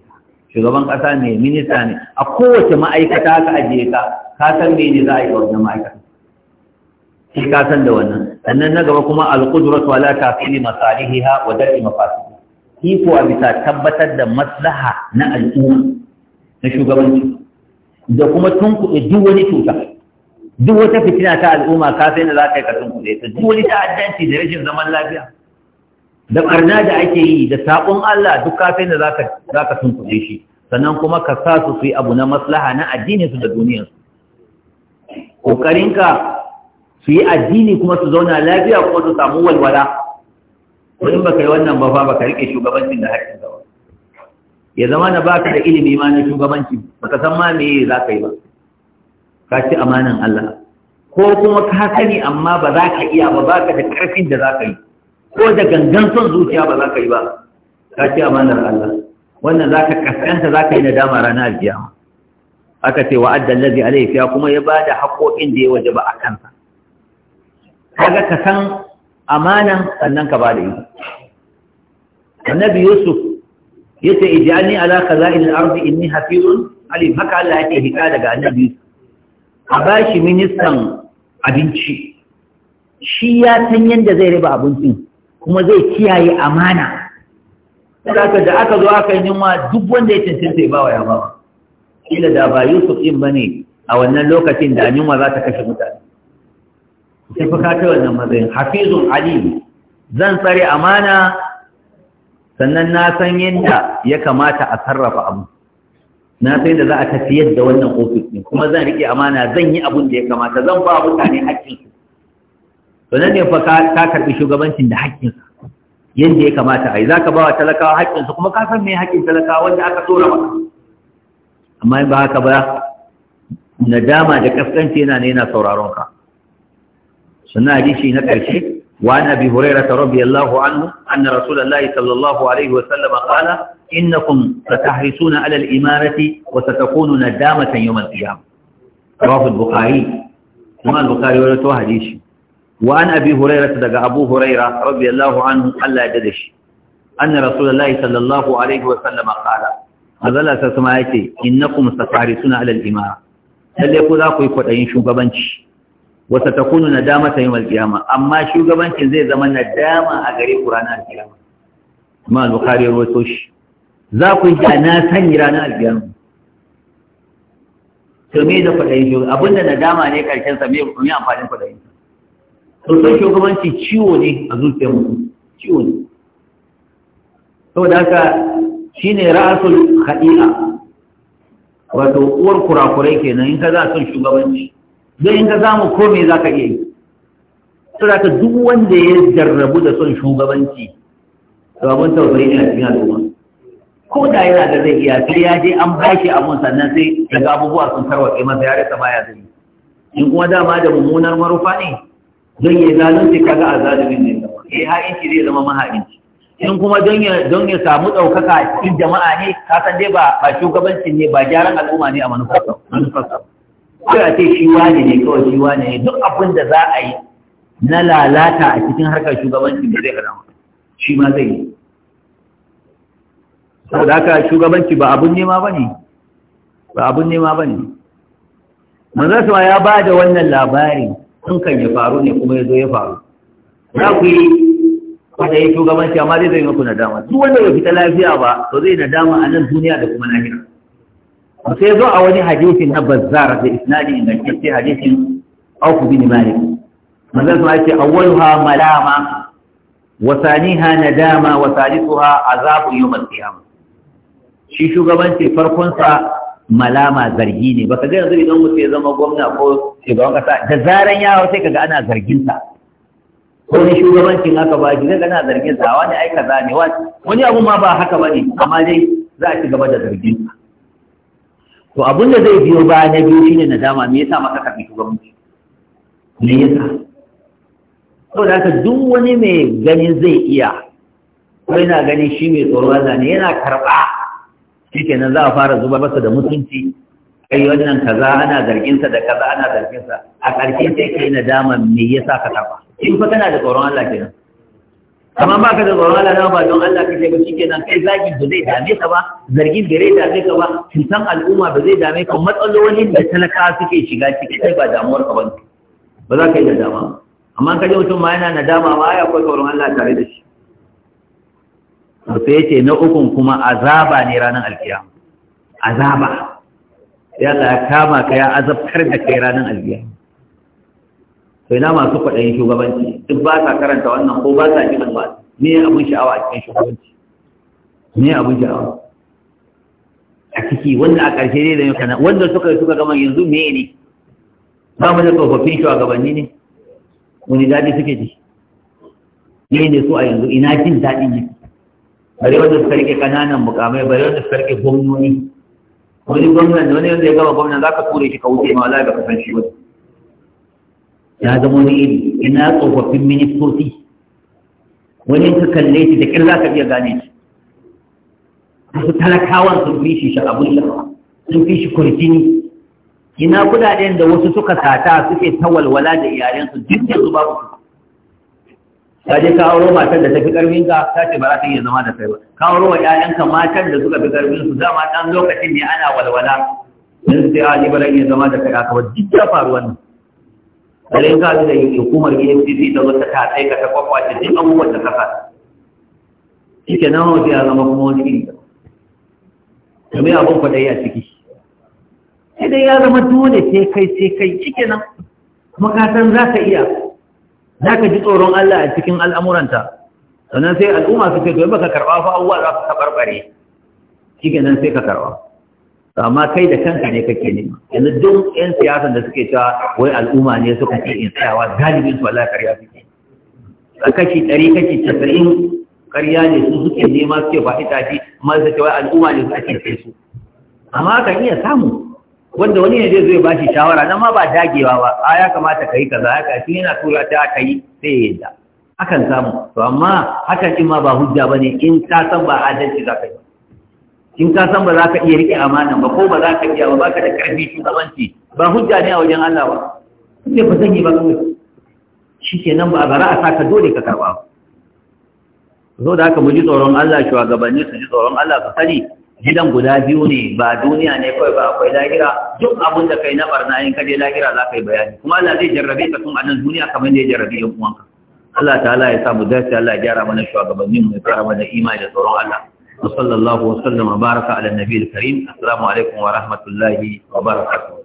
shugaban ƙasa ne minista ne a kowace ma'aikata ka ajiye ka kasar mai ne za a yi wannan ma'aikata shi kasan da wannan sannan na gaba kuma al-qudratu fili masarihi ha wa dafi mafasidiha iko a bisa tabbatar da maslaha na al'umma na shugabanci da kuma tunkuɗe duk wani cuta duk wata fitina ta al'umma ka sai na za ka yi ka tunkuɗe ta duk wani ta'addanci da rashin zaman lafiya da ɓarna da ake yi da saƙon Allah duk ka sai na za ka tunkuɗe shi sannan kuma ka sa su su yi abu na maslaha na addinin su da duniyarsu ƙoƙarinka su yi addini kuma su zauna lafiya kuma su samu walwala ko in baka yi wannan ba fa baka rike shugabancin da haƙƙin wani ya zama na baka da ilimi ma na shugabanci baka san ma me za ka yi ba ka ci amanan Allah ko kuma ka sani amma ba za ka iya ba ba ka da ƙarfin da za ka yi ko da gangan son zuciya ba za ka yi ba ka ci amanar Allah wannan za ka kaskanta za ka yi nadama ranar alkiyama aka ce wa allazi alayhi fiya kuma ya bada haƙoƙin da ya wajaba a kansa kaga ka san amanan sannan ka bada yi annabi yusuf yace ijani ala khaza'il al-ardi inni hafizun alim haka Allah yake hika daga annabi a bashi ministan abinci shi ya san yadda zai riba abincin kuma zai kiyaye amana saboda da aka zo aka yi yunwa duk wanda ya tantance ba bawa ya bawa kila da ba Yusuf din bane a wannan lokacin da yunwa za ta kashe mutane sai fa ka ta wannan mazayin hafizun alim zan tsare amana sannan na san yadda ya kamata a sarrafa abu na san yadda za a tafiyar da wannan ofis ne kuma zan rike amana zan yi abin da ya kamata zan ba mutane haƙƙinsu to nan ne fa ka karɓi shugabancin da haƙƙinsa yadda ya kamata a yi za ka ba wa talakawa haƙƙinsu kuma ka san mai haƙƙin talakawa wanda aka tsora ba amma in ba haka ba nadama da kaskanci yana ne yana sauraron ka sannan hadisi na ƙarshe وعن أبي هريرة رضي الله عنه أن رسول الله صلى الله عليه وسلم قال إنكم ستحرصون على الإمارة وستكون ندامة يوم القيامة رواه البخاري كما البخاري ولته حديث وعن أبي هريرة دقى أبو هريرة رضي الله عنه ألا يددش أن رسول الله صلى الله عليه وسلم قال هذا لا تسمعيتي إنكم ستحرصون على الإمارة هل يقول أخوي قد أين شو wasa ta kunu na dama ta yi malkiyama amma shugabancin zai zama na dama a gare ku ranar alkiyama ma al-bukhari rawaito shi za ku ji na sanyi ranar alkiyama to me da kwadayin shi abinda na dama ne karshen sa me amfanin kwadayin sa to sai shugabanci ciwo ne a zuciyar mutum ciwo ne saboda haka shine ra'asul khadi'a wato uwar kurakurai kenan in ka za son shugabanci zai in ka zamu ko me za ka iya yi saboda duk wanda ya jarrabu da son shugabanci to tausayi ne a cikin al'umma ko da yana da zai iya sai ya je an ba a abun sannan sai daga abubuwa sun tarwatse masa ya rasa baya zai in kuma dama da mummunar marufa ne don ya zalunci kaga a zalumin ne ya eh, ha'inci zai zama maha'inci in kuma don ya samu ɗaukaka a cikin jama'a ne kasan dai ba shugabancin ne ba gyaran al'umma ne a manufarsa kawai ce shi wani ne kawai shi wani ne duk abin da za a yi na lalata a cikin harkar shugabanci da zai hana shi ma zai yi saboda haka shugabanci ba abun nema ba ne ba abun nema ba ne manzansa ya ba da wannan labarin sun kan ya faru ne kuma ya zo ya faru za ku yi wanda ya shugabanci amma zai zai muku nadama duk wanda bai fita lafiya ba to zai nadama a nan duniya da kuma lahira sai zo a wani hadisi na bazzar da isnadi ingantacce hadisin auku bin malik manzon sai ce awwaluha malama wa saniha nadama wa salisuha azabu yawm al qiyam shi shugabanci farkon sa malama zargi ne baka ga yanzu idan mutum ya zama gwamna ko shugaban kasa da zaran hawo sai kaga ana zargin sa ko ne shugabancin aka ba shi zai ana zargin sa wani ai kaza ne wani abu ma ba haka bane amma dai za a ci gaba da zargin sa to abin da zai biyo baya na biyu shine dama me yasa maka ka fito gwamnati me yasa da haka duk wani mai gani zai iya ko yana gani shi mai tsoro Allah ne yana karɓa nan za a fara zuba masa da mutunci kai wannan kaza ana zarginsa da kaza ana zarginsa a ƙarshe sai kai dama me yasa ka taɓa in fa kana da tsoron Allah kenan amma ba ka da tsoron Allah na ba don Allah ka ba shikenan kai zagi ba zai dame ka ba zargin da zai dame ka ba cutan al'umma ba zai dame ka matsalolin da talaka suke shiga ciki kai ba damuwar ka ba ba za ka yi nadama amma ka ji mutum ma yana nadama ma ya akwai tsoron Allah tare da shi sai ce na ukun kuma azaba ne ranar alkiyama azaba Allah ya kama ka ya azabtar da kai ranar alkiyama sai na masu kwaɗayin shugabanci duk ba sa karanta wannan ko ba sa jiran ba ne abin sha'awa a cikin shugabanci ne abin sha'awa a ciki wanda a ƙarshe ne da yankana wanda suka yi suka gama yanzu me ne ba mu da tsofaffin shugabanni ne wani daɗi suke ji ne ne su a yanzu ina jin daɗin ne bare wanda suka rike ƙananan mukamai bare wanda suka rike gwamnoni wani gwamnan wani wanda ya gama gwamnan za ka ture shi ka wuce ma wala ka kasance wani ya zama wani iri ina tsofaffin ministoci wani ka kalle shi da ƙin za ka iya gane shi wasu talakawan sun fi shi sha'abun sha'awa sun fi shi kurkini ina kudaden da wasu suka sata suke tawalwala da iyayensu duk da su babu su ka je ka auro matar da ta fi karfin ka ta ce ba za ta iya zama da kai ba ka auro wa ƴaƴanka matan da suka fi karfin su dama ɗan lokacin ne ana walwala yanzu sai a ah, ni ba zan iya zama da kai haka ba duk ya faru wannan alai ka da hukumar EFCC ta zo ta tatsai ka ta kwakwace duk abubuwan da kasa shike nan wani ya zama kuma wani iri da kuma ya abin kwaɗayi a ciki sai dai ya zama dole sai kai sai kai shike nan kuma ka san za ka iya za ka ji tsoron Allah a cikin al'amuranta sannan sai al'umma su ce to baka karɓa fa Allah za ka taɓarɓare shike nan sai ka karɓa amma kai da kanka ne kake nema yanzu duk yan siyasan da suke cewa wai al'umma ne suka ce in tsayawa galibin su Allah ƙarya suke a kashi ɗari kashi casa'in karya ne su suke nema suke ba ita shi amma su cewa wai al'umma ne su ake sai su amma kan iya samu wanda wani ne zai zo ya ba shi shawara nan ma ba dagewa ba a ya kamata ka yi kaza haka shi yana tura ta aka yi sai ya yadda akan samu to amma hakan in ma ba hujja ba ne in ka san ba adalci za ka yi in ka san ba za ka iya riƙe amana ba ko ba za ka iya ba ba ka da ƙarfi shugabanci ba hujja ne a wajen Allah ba sai ba sani ba kawai shi ke nan ba a bara a ka dole ka karɓa ba. zo da haka mu ji tsoron Allah shugabanni su ji tsoron Allah su sani gidan guda biyu ne ba duniya ne kawai ba akwai lahira duk abin da kai na barna in ka je lahira za ka yi bayani kuma Allah zai jarrabe ka tun a nan duniya kamar da ya jarrabe yan uwanka Allah ta'ala ya sa mu dace Allah ya gyara mana mu ya fara mana imani da tsoron Allah wa sallallahu wa sallama baraka ala nabiyil karim assalamu alaikum wa rahmatullahi wa barakatuh